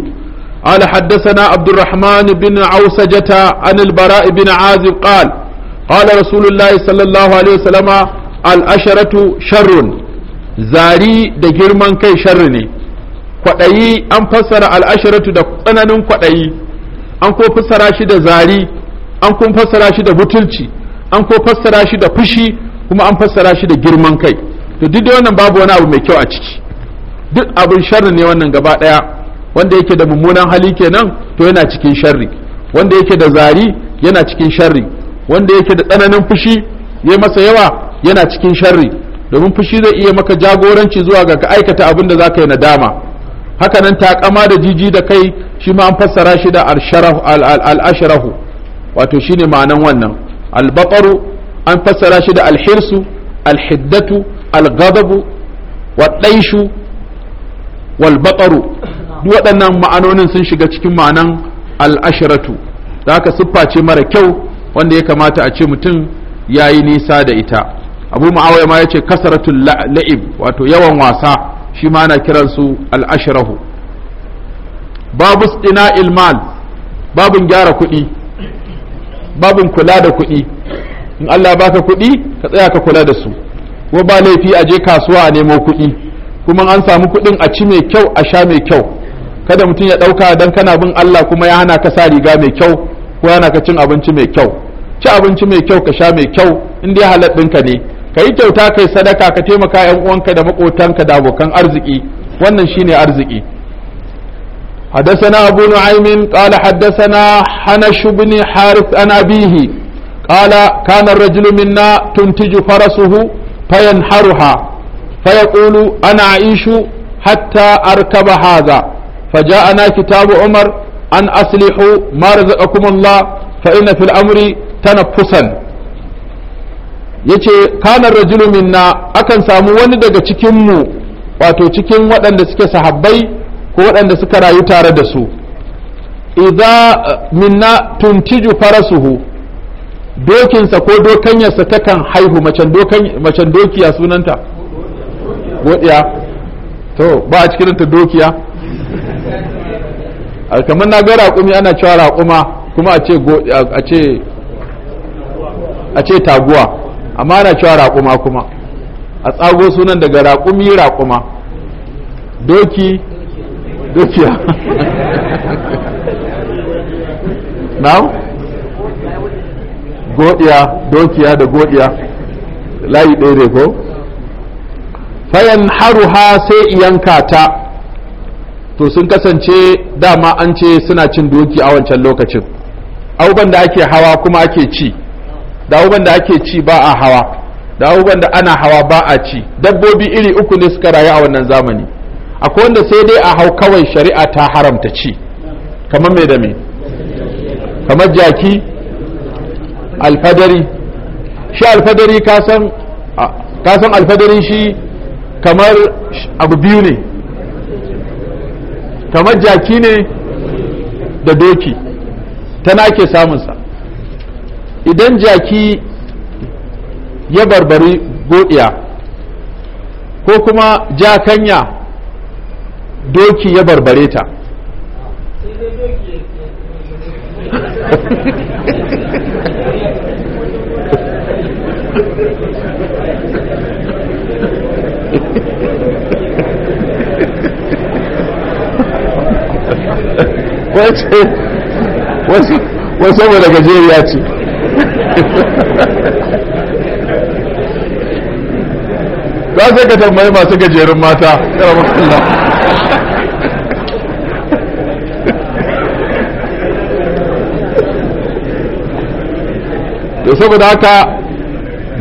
قال حدثنا عبد الرحمن بن عوسجة عن البراء بن عازب قال قال رسول الله صلى الله عليه وسلم الأشرة شر زاري da girman kai sharri ne kwaɗayi an fassara al'ashiratu da tsananin kwaɗayi an ko fassara shi da zari an kun fassara shi da butulci an ko fassara shi da fushi kuma an fassara shi da girman kai to duk wannan babu wani abu mai kyau a ciki duk abin sharri ne wannan gaba daya wanda yake da mummunan hali kenan to yana cikin sharri wanda yake da zari yana cikin sharri wanda yake da tsananin fushi ya masa yawa yana cikin sharri domin fushi zai iya maka jagoranci zuwa ga ka aikata abin da zaka yi nadama hakanan takama da jiji da kai shi ma an fassara shi da al-ashrahu wato shine ma'anan wannan albaqaru an fassara shi da alhirsu alhiddatu alghadabu wadaishu walbaqaru duk waɗannan ma'anonin sun shiga cikin ma'anan al'ashiratu da haka siffa ce mara kyau wanda ya kamata a ce mutum ya yi nisa da ita abu ma'awai ma ya ce la'ib wato yawan wasa shi ma na kiransu al'ashirahu babu tsina ilmal babin gyara kuɗi babin kula da kuɗi in Allah baka kuɗi ka tsaya ka kula da su ko ba laifi a je kasuwa a nemo kuɗi kuma an samu kuɗin a ci mai kyau a sha mai kyau kada mutum ya ɗauka don kana bin Allah kuma ya hana ka sa riga mai kyau ko yana ka cin abinci mai kyau ci abinci mai kyau ka sha mai kyau in dai halal ɗinka ne ka yi kyauta kai sadaka ka taimaka yan uwanka da maƙotanka da abokan arziki wannan shine arziki حدثنا أبو نعيم قال حدثنا حنش بن حارث عن أبيه قال كان الرجل منا تنتج فرسه فينحرها فيقول أنا أعيش حتى أركب هذا فجاءنا كتاب عمر أن أصلحوا ما رزقكم الله فإن في الأمر تنفسا yace kanar rajulu minna akan samu wani daga cikinmu wato cikin waɗanda suke sahabbai ko waɗanda suka rayu tare da su idza eh, minna tuntiju farasuhu dokinsa ko dokanyarsa takan haihu macen dokiya sunanta godiya to ba a cikin ta dokiya ah, kamar na ga raƙumi ana cewa raƙuma kuma a ce taguwa amma ana cewa raƙuma kuma a tsago sunan daga raƙumi raƙuma doki now godiya dokiya da godiya layi ɗaya ko fayan haruha sai yanka ta to sun kasance dama an ce suna cin doki a wancan lokacin abubuwan da ake hawa kuma ake ci da abubuwan da ake ci ba a hawa da abubuwan da ana hawa ba a ci dabbobi iri uku ne suka rayu a wannan zamani akwai wanda sai dai a hau kawai shari'a ta haramta ci kamar mai da mai. kamar jaki alfadari shi alfadari kasan kasan alfadari shi kamar abu biyu ne kamar jaki ne da doki tana ke samunsa idan jaki ya barbari godiya ko kuma jakanya doki ya barbare ta wasu saboda gajeriya ce za sai ka tambayi masu gajerun mata ƙaramin Allah saboda haka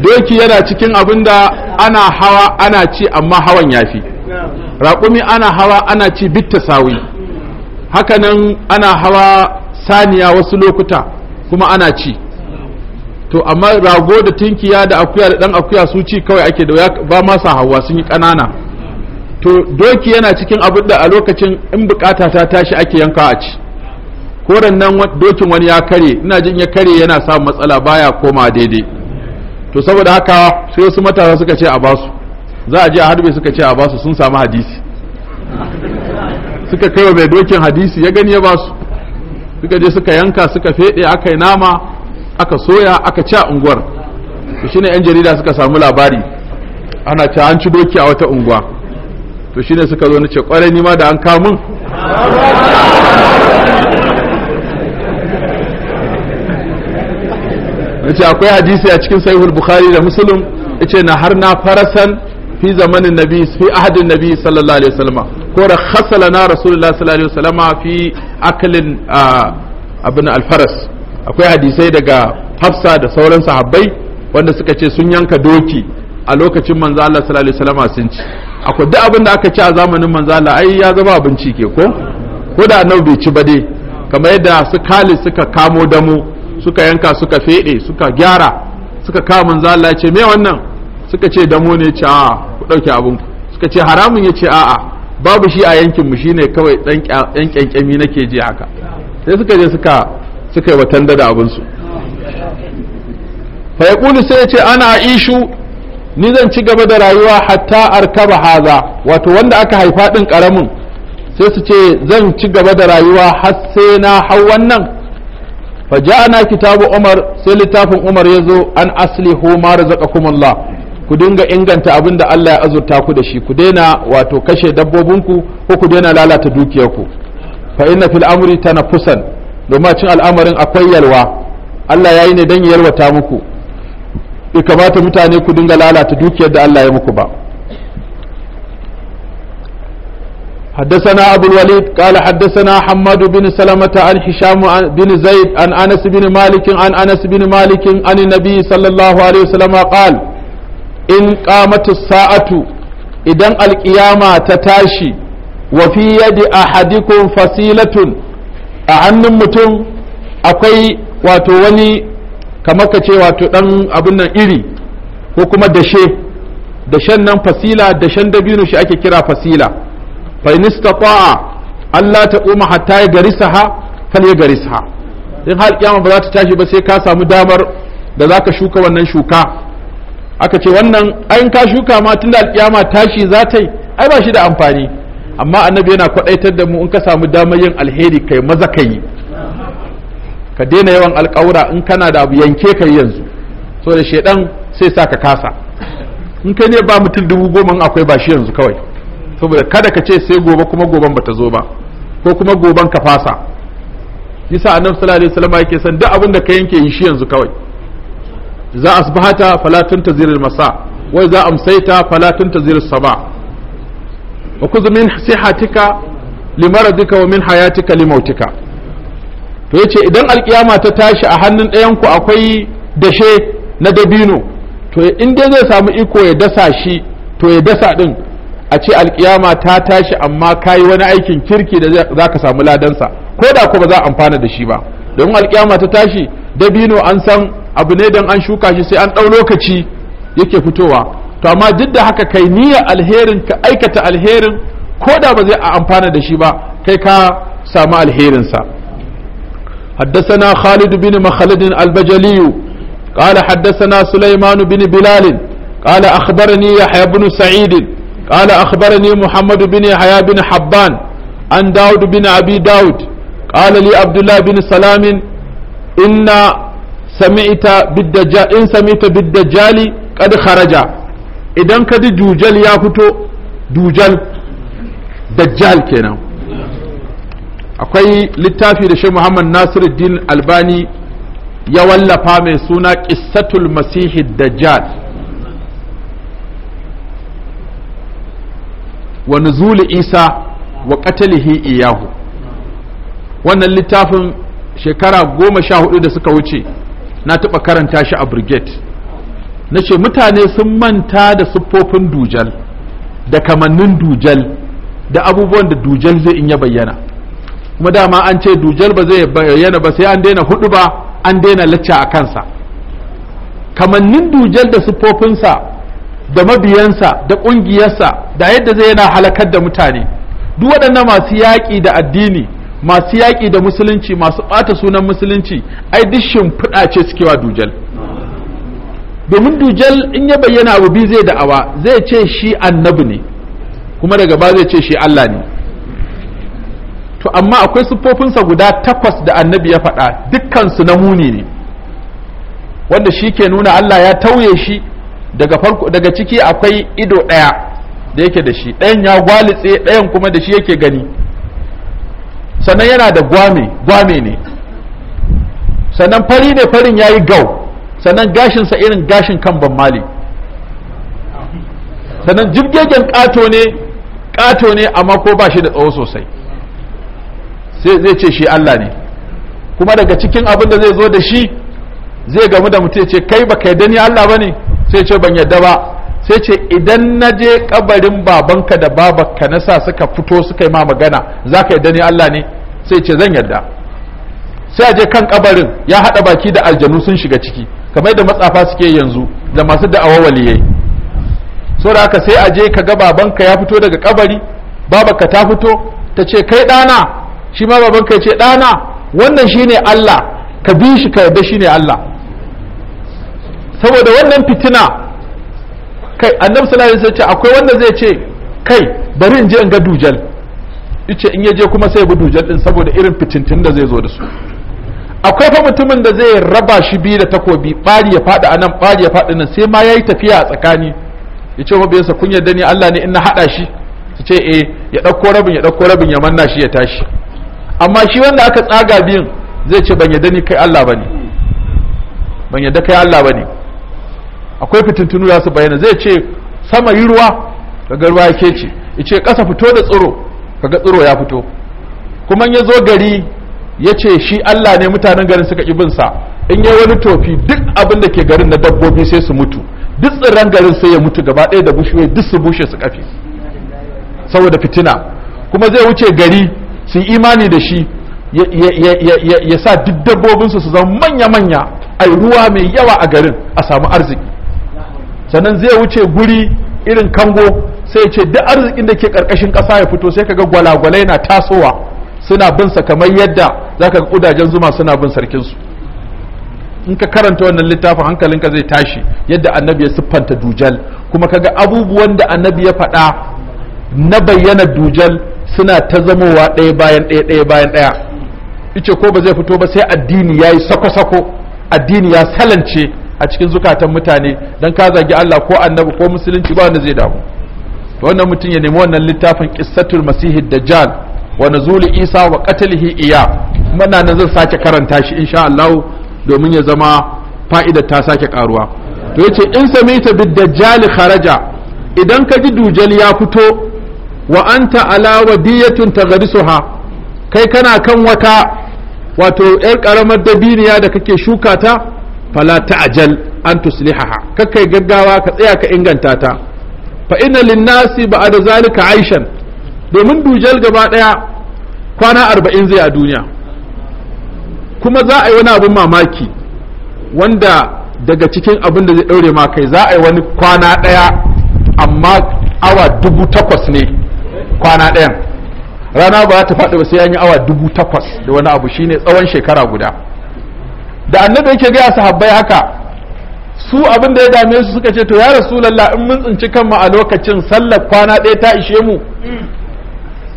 doki yana cikin abinda ana hawa ana ci amma hawan yafi raƙumi ana hawa ana ci bitta sawi hakanan ana hawa saniya wasu lokuta kuma ana ci to amma rago da tinkiya da akuya da dan akuya su ci kawai ake da ba ma sa hawa sun yi ƙanana to doki yana cikin abinda a lokacin in bukata ta tashi ake yanka a ci koren nan dokin wani ya kare ina jin ya kare yana samun matsala baya koma daidai to saboda haka sai wasu matasa suka ce a basu za a je a harbe suka ce a basu sun samu hadisi suka kaiwa mai dokin hadisi ya gani ya basu suka je suka yanka suka fede aka yi nama aka soya aka ci a unguwar to shine yan jarida suka samu labari ana ci an ci doki a wata unguwa to shine suka zo na ce kwarai ni ma da an mun yace akwai hadisi a cikin sahihul bukhari da muslim yace na har na farasan fi zamanin nabi fi ahadin nabi sallallahu alaihi wasallam ko rakhasa na rasulullah sallallahu alaihi wasallam fi aklin abin alfaras akwai hadisai daga hafsa da sauran sahabbai wanda suka ce sun yanka doki a lokacin manzo Allah sallallahu alaihi wasallam sun ci akwai duk abin da aka ci a zamanin manzo Allah ai ya zama abinci ke ko ko da annabi bai ci ba dai kamar yadda su kale suka kamo damo suka yanka suka feɗe suka gyara suka kawo manzo Allah ya ce me wannan suka ce damo ne ce a ku dauke abin suka ce haramun ya ce a'a babu shi a yankin mu shine kawai dan yan kyankyami nake ji haka sai suka je suka suka yi watan da abun su fa yaqulu sai ya ce ana ishu ni zan ci gaba da rayuwa hatta arkaba haza wato wanda aka haifa din karamin sai su ce zan ci gaba da rayuwa har sai na hau wannan fa ja'ana kitabu umar sai littafin umar ya zo an aslihu ma razaqakumullah ku dinga inganta abin da Allah ya azurta ku da shi ku daina wato kashe dabbobinku ko ku daina lalata dukiyarku fa inna fil amri tanaffusan domin cin al'amarin akwai yalwa Allah yayi ne dan yalwata muku bai kamata mutane ku dinga lalata dukiyar da Allah ya muku ba حدثنا أبو الوليد قال حدثنا حماد بن سلمة عن هشام بن زيد عن أنس بن مالك عن أنس بن مالك عن النبي صلى الله عليه وسلم قال إن قامت الساعة إذا القيامة تتاشي وفي يد أحدكم فصيلة أعن متم أقي واتوني كما كتشي واتون أبنا إري وكما دشي دشن نم فصيلة دشن دبينو شي أكي كرا فصيلة fa in istata'a Allah ta kuma hatta ya saha fal ya saha in har kiyama ba za ta tashi ba sai ka samu damar da zaka shuka wannan shuka aka ce wannan ayin ka shuka ma tunda alkiyama tashi za ta yi ai ba shi da amfani amma annabi yana kwadaitar da mu in ka samu damar yin alheri kai maza ka yi ka daina yawan alƙawura in kana da abu yanke ka yanzu so da shedan sai sa ka kasa in kai ne ba mutum dubu goma akwai ba shi yanzu kawai saboda kada ka ce sai gobe kuma goben bata zo ba ko kuma goben ka fasa yasa annabi sallallahu alaihi wasallam yake san duk abin da ka yanke yi shi yanzu kawai za asbahata fala tuntazir almasa masa wa za amsayta fala tuntazir asaba wa khudh min sihatika limaradika wa min hayatika limautika to yace idan alkiyama ta tashi a hannun ɗayan ku akwai dashe na dabino to in dai zai samu iko ya dasa shi to ya dasa din a ce alkiyama ta tashi amma kayi wani aikin kirki da za ka samu ladansa ko da ko ba za a amfana da shi ba domin alkiyama ta tashi dabino an san abu ne don an shuka shi sai an ɗau lokaci yake fitowa to amma duk da haka kai niyyar alherin ka aikata alherin ko da ba zai a amfana da shi ba kai ka samu alherinsa حدثنا خالد بن مخلد البجلي قال حدثنا سليمان بن بلال قال أخبرني يحيى بن سعيد قال أخبرني محمد بن يحيى بن حبان عن داود بن أبي داود قال لي عبد الله بن سلام إن سمعت بالدجال إن سمعت بالدجال قد خرج إذا كد جوجل يافتو دوجل دجال كنا akwai littafi da shi Muhammad Nasiruddin Albani ya wallafa mai suna Qissatul Masihid Dajjal wa nuzuli isa wa qatalihi iyahu wannan littafin shekara goma sha hudu da suka wuce na taɓa karanta shi a brigade na ce mutane sun manta da siffofin dujal da kamannin dujal da abubuwan da dujal zai in ya bayyana kuma dama an ce dujal ba zai bayyana ba sai an daina hudu ba an daina lacca a kansa kamannin dujal da siffofinsa da mabiyansa da ƙungiyarsa da yadda zai yana halakar da mutane duk waɗannan masu yaƙi da addini masu yaƙi da musulunci masu ɓata sunan musulunci ai duk shimfiɗa ce suke wa dujal domin dujal in ya bayyana abu bi zai da'awa zai ce shi annabi ne kuma daga ba zai ce shi Allah ne to amma akwai siffofinsa guda takwas da annabi ya faɗa dukkansu na muni ne wanda shi ke nuna Allah ya tauye shi daga farko daga ciki akwai ido ɗaya da yake da shi ɗayan ya gwalitse ɗayan kuma da shi yake gani sannan yana da gwame gwame ne sannan fari ne farin ya yi gau sannan gashinsa irin gashin kan ban mali sannan jirgegen ƙato ne ƙato ne amma ko ba shi da tsawo sosai sai zai ce shi Allah ne kuma daga cikin abin da zai zo da shi zai gamu da mutum ya ce kai ba kai dani Allah ba ne sai ce ban yadda ba sai ce idan na je kabarin babanka da babanka na sa suka fito suka yi ma magana za ka yadda ne Allah ne sai ce zan yadda sai a je kan kabarin ya haɗa baki da aljanu sun shiga ciki kamar da matsafa suke yanzu da masu da'awa waliyai so da haka sai a je ka ga babanka ya fito daga kabari babanka ta fito ta ce kai ɗana shi ma babanka ya ce ɗana wannan shine Allah ka bi shi ka yarda shine Allah saboda wannan fitina kai annabi sallallahu alaihi wasallam ce akwai wanda zai ce kai bari in je in ga dujal yace in je kuma sai ya bi dujal din saboda irin fitintun da zai zo da su akwai fa mutumin da zai raba shi biyu da takobi bari ya fada anan bari ya fada nan sai ma yayi tafiya a tsakani yace ma bai sa kun yarda ni Allah ne in na hada shi su ce eh ya dauko rabin ya dauko rabin ya manna shi ya tashi amma shi wanda aka tsaga biyun zai ce ban yarda ni kai Allah bane ban yarda kai Allah bane akwai fitintunu ya su bayyana zai ce sama yi ruwa kaga ruwa yake ce ice ƙasa fito da tsiro kaga tsiro ya fito kuma ya zo gari ya ce shi Allah ne mutanen garin suka ibin sa in yi wani tofi duk abin da ke garin na dabbobi sai su mutu duk tsirran garin sai ya mutu gaba ɗaya da bushe, duk su bushe su kafe saboda fitina kuma zai wuce gari su imani da shi ya sa duk dabbobinsu su zama manya-manya ai ruwa mai yawa a garin a samu arziki sannan zai wuce guri irin kango sai ce duk arzikin da ke karkashin ƙasa ya fito sai kaga gwalagwalai na tasowa suna bin sa kamar yadda zaka ga kudajen zuma suna bin sarkin su in ka karanta wannan littafin hankalin ka zai tashi yadda annabi ya siffanta dujal kuma kaga abubuwan da annabi ya faɗa na bayyana dujal suna ta zamowa ɗaya bayan ɗaya ɗaya bayan ɗaya ice ko ba zai fito ba sai addini ya yi sako-sako addini ya salance a cikin zukatan mutane don ka zagi Allah ko annabi ko musulunci ba wanda zai damu to wannan mutum ya nemi wannan littafin qissatul masihi dajjal wa zuli isa wa qatlihi iya muna nan zan sake karanta shi insha Allah domin ya zama fa'ida ta sake karuwa to yace in samita bid dajjal kharaja idan ka ji dujal ya fito wa anta ala su ha? kai kana kan wata wato yar karamar dabiniya da kake shuka ta fala ta'jal an tuslihaha kakkai gaggawa ka tsaya ka inganta ta fa inna linnasi ba'da zalika aishan domin dujal gaba daya kwana 40 zai a duniya kuma za a yi wani abin mamaki wanda daga cikin abin da zai daure ma kai za a yi wani kwana daya amma awa dubu takwas ne kwana ɗayan rana ba ta faɗi ba sai an yi awa dubu takwas da wani abu shine tsawon shekara guda da annabi yake gaya sahabbai haka su abin da ya dame su suka ce to ya rasulullah in mun tsinci kanmu a lokacin sallar kwana ɗaya ta ishe mu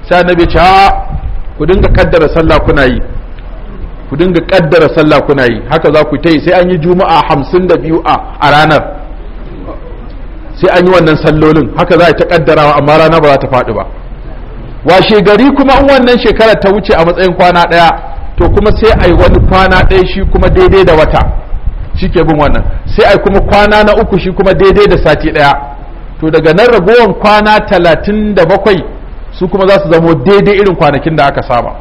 sai annabi ce ku dinga kaddara sallah kuna yi ku dinga kaddara sallah kuna yi haka za ku ta yi sai an yi juma'a hamsin da biyu a ranar sai an yi wannan sallolin haka za a ta kaddarawa amma rana ba za ta faɗi ba washe gari kuma in wannan shekarar ta wuce a matsayin kwana ɗaya to kuma sai ai wani kwana ɗaya shi kuma daidai da wata shi ke bin wannan sai ai kuma kwana na uku shi kuma daidai da sati ɗaya to daga nan ragowar kwana talatin da bakwai su kuma za su zamo daidai irin kwanakin da aka saba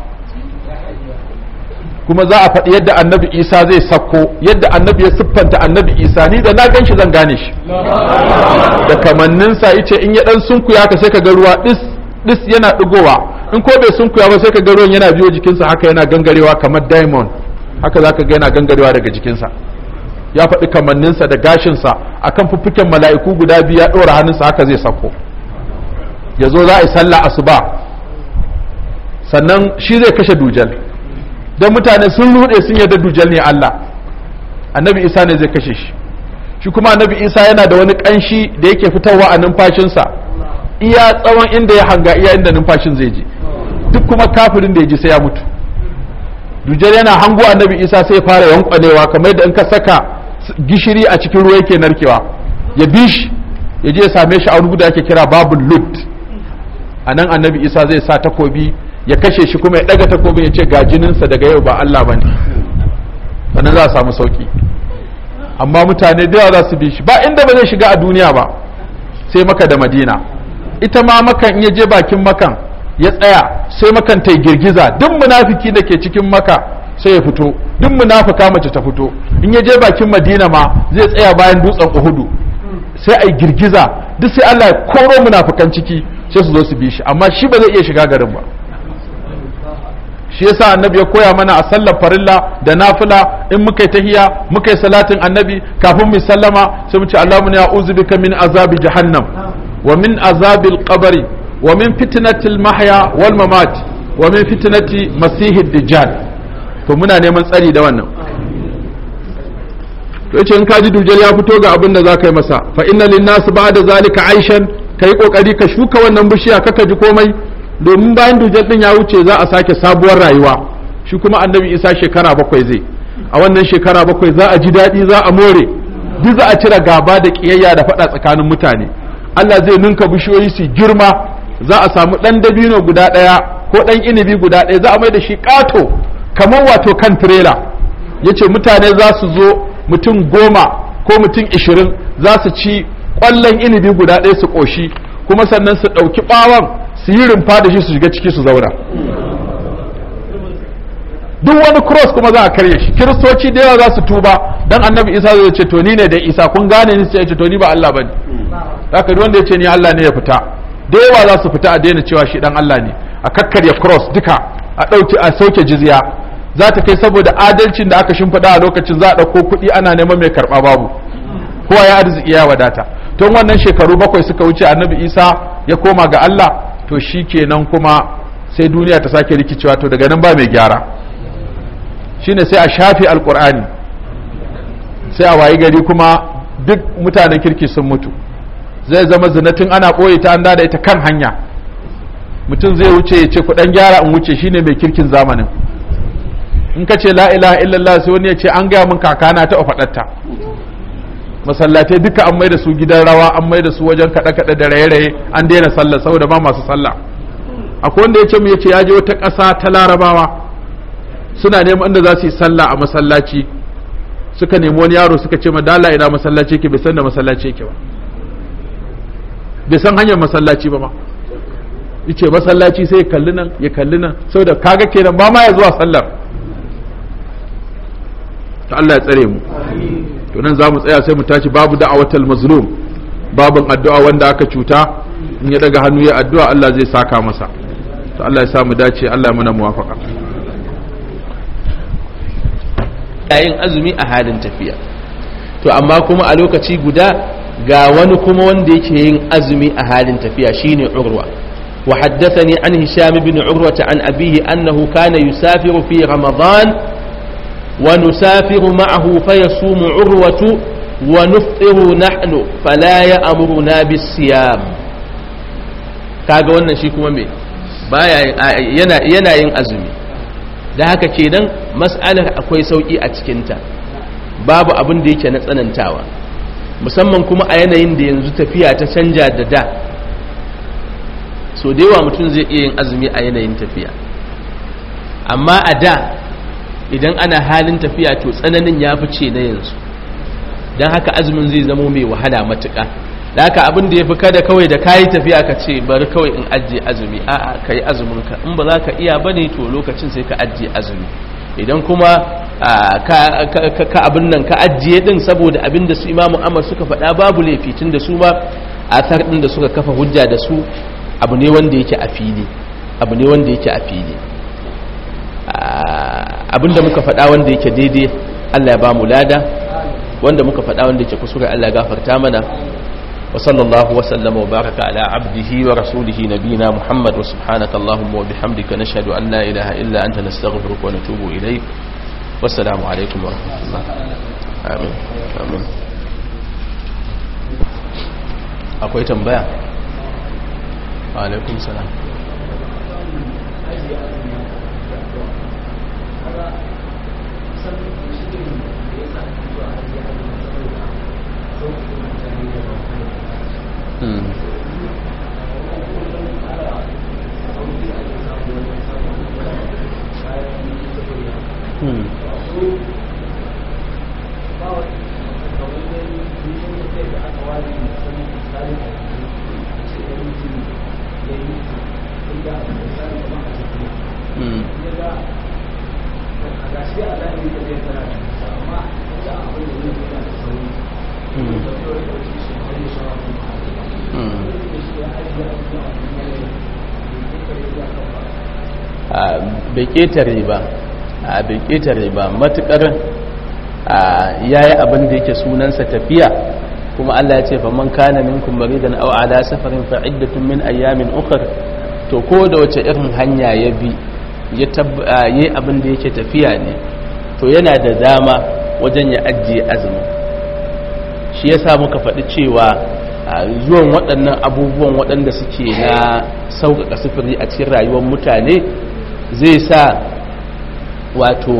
kuma za a faɗi yadda annabi isa zai sakko yadda annabi ya siffanta annabi isa ni da na gan shi zan gane shi da kamanninsa ya ce in ya ɗan sunkuya ka sai ka ga ruwa ɗis yana ɗigowa in ko bai sunkuya ba sai ka ga ruwan yana biyo jikinsa haka yana gangarewa kamar diamond haka za ka ga yana gangarewa daga jikinsa ya faɗi kamanninsa da gashinsa akan fuffuken mala'iku guda biyu ya ɗora hannunsa haka zai sako ya zo za a yi sallah asuba sannan shi zai kashe dujal don mutane sun rude sun yarda dujal ne Allah annabi isa ne zai kashe shi shi kuma annabi isa yana da wani ƙanshi da yake fitowa a numfashinsa iya tsawon inda ya hanga iya inda numfashin zai je duk kuma kafirin da ya ji sai ya mutu dujar yana hango annabi isa sai fara yankwanewa kamar da in ka saka gishiri a cikin ruwa yake narkewa ya bi shi ya je ya same shi a wani guda yake kira babu lut a nan annabi isa zai sa takobi ya kashe shi kuma ya daga takobin ya ce ga jininsa daga yau ba allah ba ne sannan za a samu sauki amma mutane da yawa za su bi shi ba inda ba zai shiga a duniya ba sai maka da madina ita ma makan in ya je bakin makan ya tsaya sai makanta girgiza duk munafiki da ke cikin maka sai ya fito duk munafuka mace ta fito in ya je bakin madina ma zai tsaya bayan dutsen uhudu sai a girgiza duk sai allah ya koro munafikan ciki sai su zo su bi shi amma shi ba zai iya shiga garin ba shi yasa annabi ya koya mana a sallar farilla da nafila in muka yi tahiya muka yi salatin annabi kafin mu sallama sai mu ce allahumma ya uzu bika min azabi jahannam wa min azabil qabri wa min fitnatil mahya wal mamat wa min fitnati masihid dajjal to muna neman tsari da wannan to yace in kaji dujal ya fito ga abin da za masa fa inna lin nas ba'da zalika aishan kai kokari ka shuka wannan bishiya ka ji komai domin bayan dujal din ya wuce za a sake sabuwar rayuwa shi kuma annabi isa shekara bakwai zai a wannan shekara bakwai za a ji dadi za a more duk za a cire gaba da kiyayya da faɗa tsakanin mutane Allah zai ninka bishiyoyi su girma za a samu ɗan dabino guda ɗaya ko ɗan inibi guda ɗaya za a mai da shi ƙato kamar wato kan tirela ya ce mutane za su zo mutum goma ko mutum ishirin za su ci ƙwallon inibi guda ɗaya su ƙoshi kuma sannan su ɗauki ɓawon su yi rumfa da shi su shiga ciki su zauna duk wani cross kuma za a karye shi kiristoci da yawa za su tuba dan annabi isa zai ce to ni ne da isa kun gane ni sai ya ce to ni ba Allah bane haka duk wanda ya ce ni Allah ne ya fita da yawa za su fita a daina cewa shi dan Allah ne a kakkarya cross duka a ɗauki a sauke jiziya za ta kai saboda adalcin da aka shimfiɗa a lokacin za a ɗauko kuɗi ana neman mai karɓa babu kowa ya arziki ya wadata tun wannan shekaru bakwai suka wuce annabi isa ya koma ga allah to shi kenan kuma sai duniya ta sake rikicewa to daga nan ba mai gyara shine sai a shafi alkur'ani sai a wayi gari kuma duk mutanen kirki sun mutu zai zama zinatin ana ɓoye ta an da ita kan hanya mutum zai wuce ya ce kuɗan gyara in wuce shine mai kirkin zamanin in ka ce la illallah sai wani ya ce an gaya min kakana ta faɗatta masallatai duka an mai da su gidan rawa an mai da su wajen kaɗe-kaɗe da raye-raye an daina sallah saboda ba masu sallah akwai wanda ya ce mu ya ce ya je wata ƙasa ta larabawa suna neman inda za su yi sallah a masallaci suka nemi wani yaro suka ce ma dala ina masallaci ke bai san da masallaci ke ba bai san hanyar masallaci ba ma yace masallaci sai ya kalli nan ya kalli nan saboda kaga kenan ba ma ya zuwa sallar ta Allah ya tsare mu to nan zamu tsaya sai mu tashi babu da'awatul mazlum babun addu'a wanda aka cuta in ya daga hannu ya addu'a Allah zai saka masa to Allah ya sa mu dace Allah mana muwafaka yayin azumi a halin tafiya to amma kuma a lokaci guda ga wani kuma wanda yake yin azumi a halin tafiya shine urwa wa haddathani an hisham ibn urwa an abihi annahu kana yusafiru fi ramadan wa nusafiru ma'ahu fayasumu urwatu wa nufṭiru nahnu fala ya'muruna bis-siyam kaga wannan shi kuma me baya yana yana yin azumi da haka kenan mas'alar akwai sauki a cikinta babu abin da yake na tsanantawa musamman kuma a yanayin da yanzu tafiya ta canja da da so da yawa mutum zai iya yin azumi a yanayin tafiya amma a da idan ana halin tafiya to tsananin ya fi ce na yanzu don haka azumin zai zamo mai wahala matuka. da haka abin da ya fi kada kawai da kayi tafiya ka ce bari kawai in ajiye azumi a'a ka yi ka in ba za ka iya ba ne to lokacin sai ka ajiye azumi idan kuma ka abin nan ka ajiye din saboda abin da su imamu amar suka faɗa babu laifi tun da su ba a ɗin da suka kafa hujja da su abu ne wanda yake a fili abu ne wanda yake a fili abin da muka faɗa wanda yake daidai allah ya ba mu lada wanda muka faɗa wanda yake kusura allah gafarta mana wa sallallahu wa sallama wa baraka ala abdihi wa rasulihi nabina muhammad wa subhanaka allahumma wa bihamdika nashhadu an la ilaha illa anta nastaghfiruka wa natubu ilayk wassalamu alaikum wa amin amin akwai tambaya alaikum salam bai ƙetare ba a bai ba matuƙar ya yi abin da yake sunansa tafiya kuma Allah ya ce fa man kana minkum maridan aw ala safarin fa iddatun min ayamin ukhra to ko da wace irin hanya ya bi ya yi abin da yake tafiya ne to yana da dama wajen ya ajiye azumi shi yasa muka faɗi cewa zuwan waɗannan abubuwan waɗanda suke na sauƙaƙa sufuri a cikin rayuwar mutane zai sa wato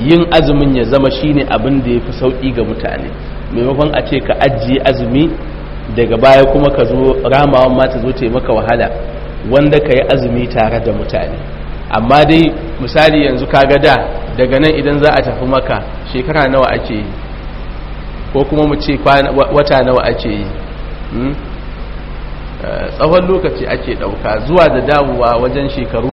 yin azumin ya zama shine abin da ya fi sauƙi ga mutane maimakon a ce ka ajiye azumi daga baya kuma ka zo ramawan ma zo ce maka wahala wanda ka yi azumi tare da mutane amma dai misali yanzu kaga da daga nan idan za a tafi maka shekara nawa ake yi ko kuma mu ce wata nawa ake yi hmm? eh, tsawon lokaci ake ɗauka zuwa da dawowa wajen shekaru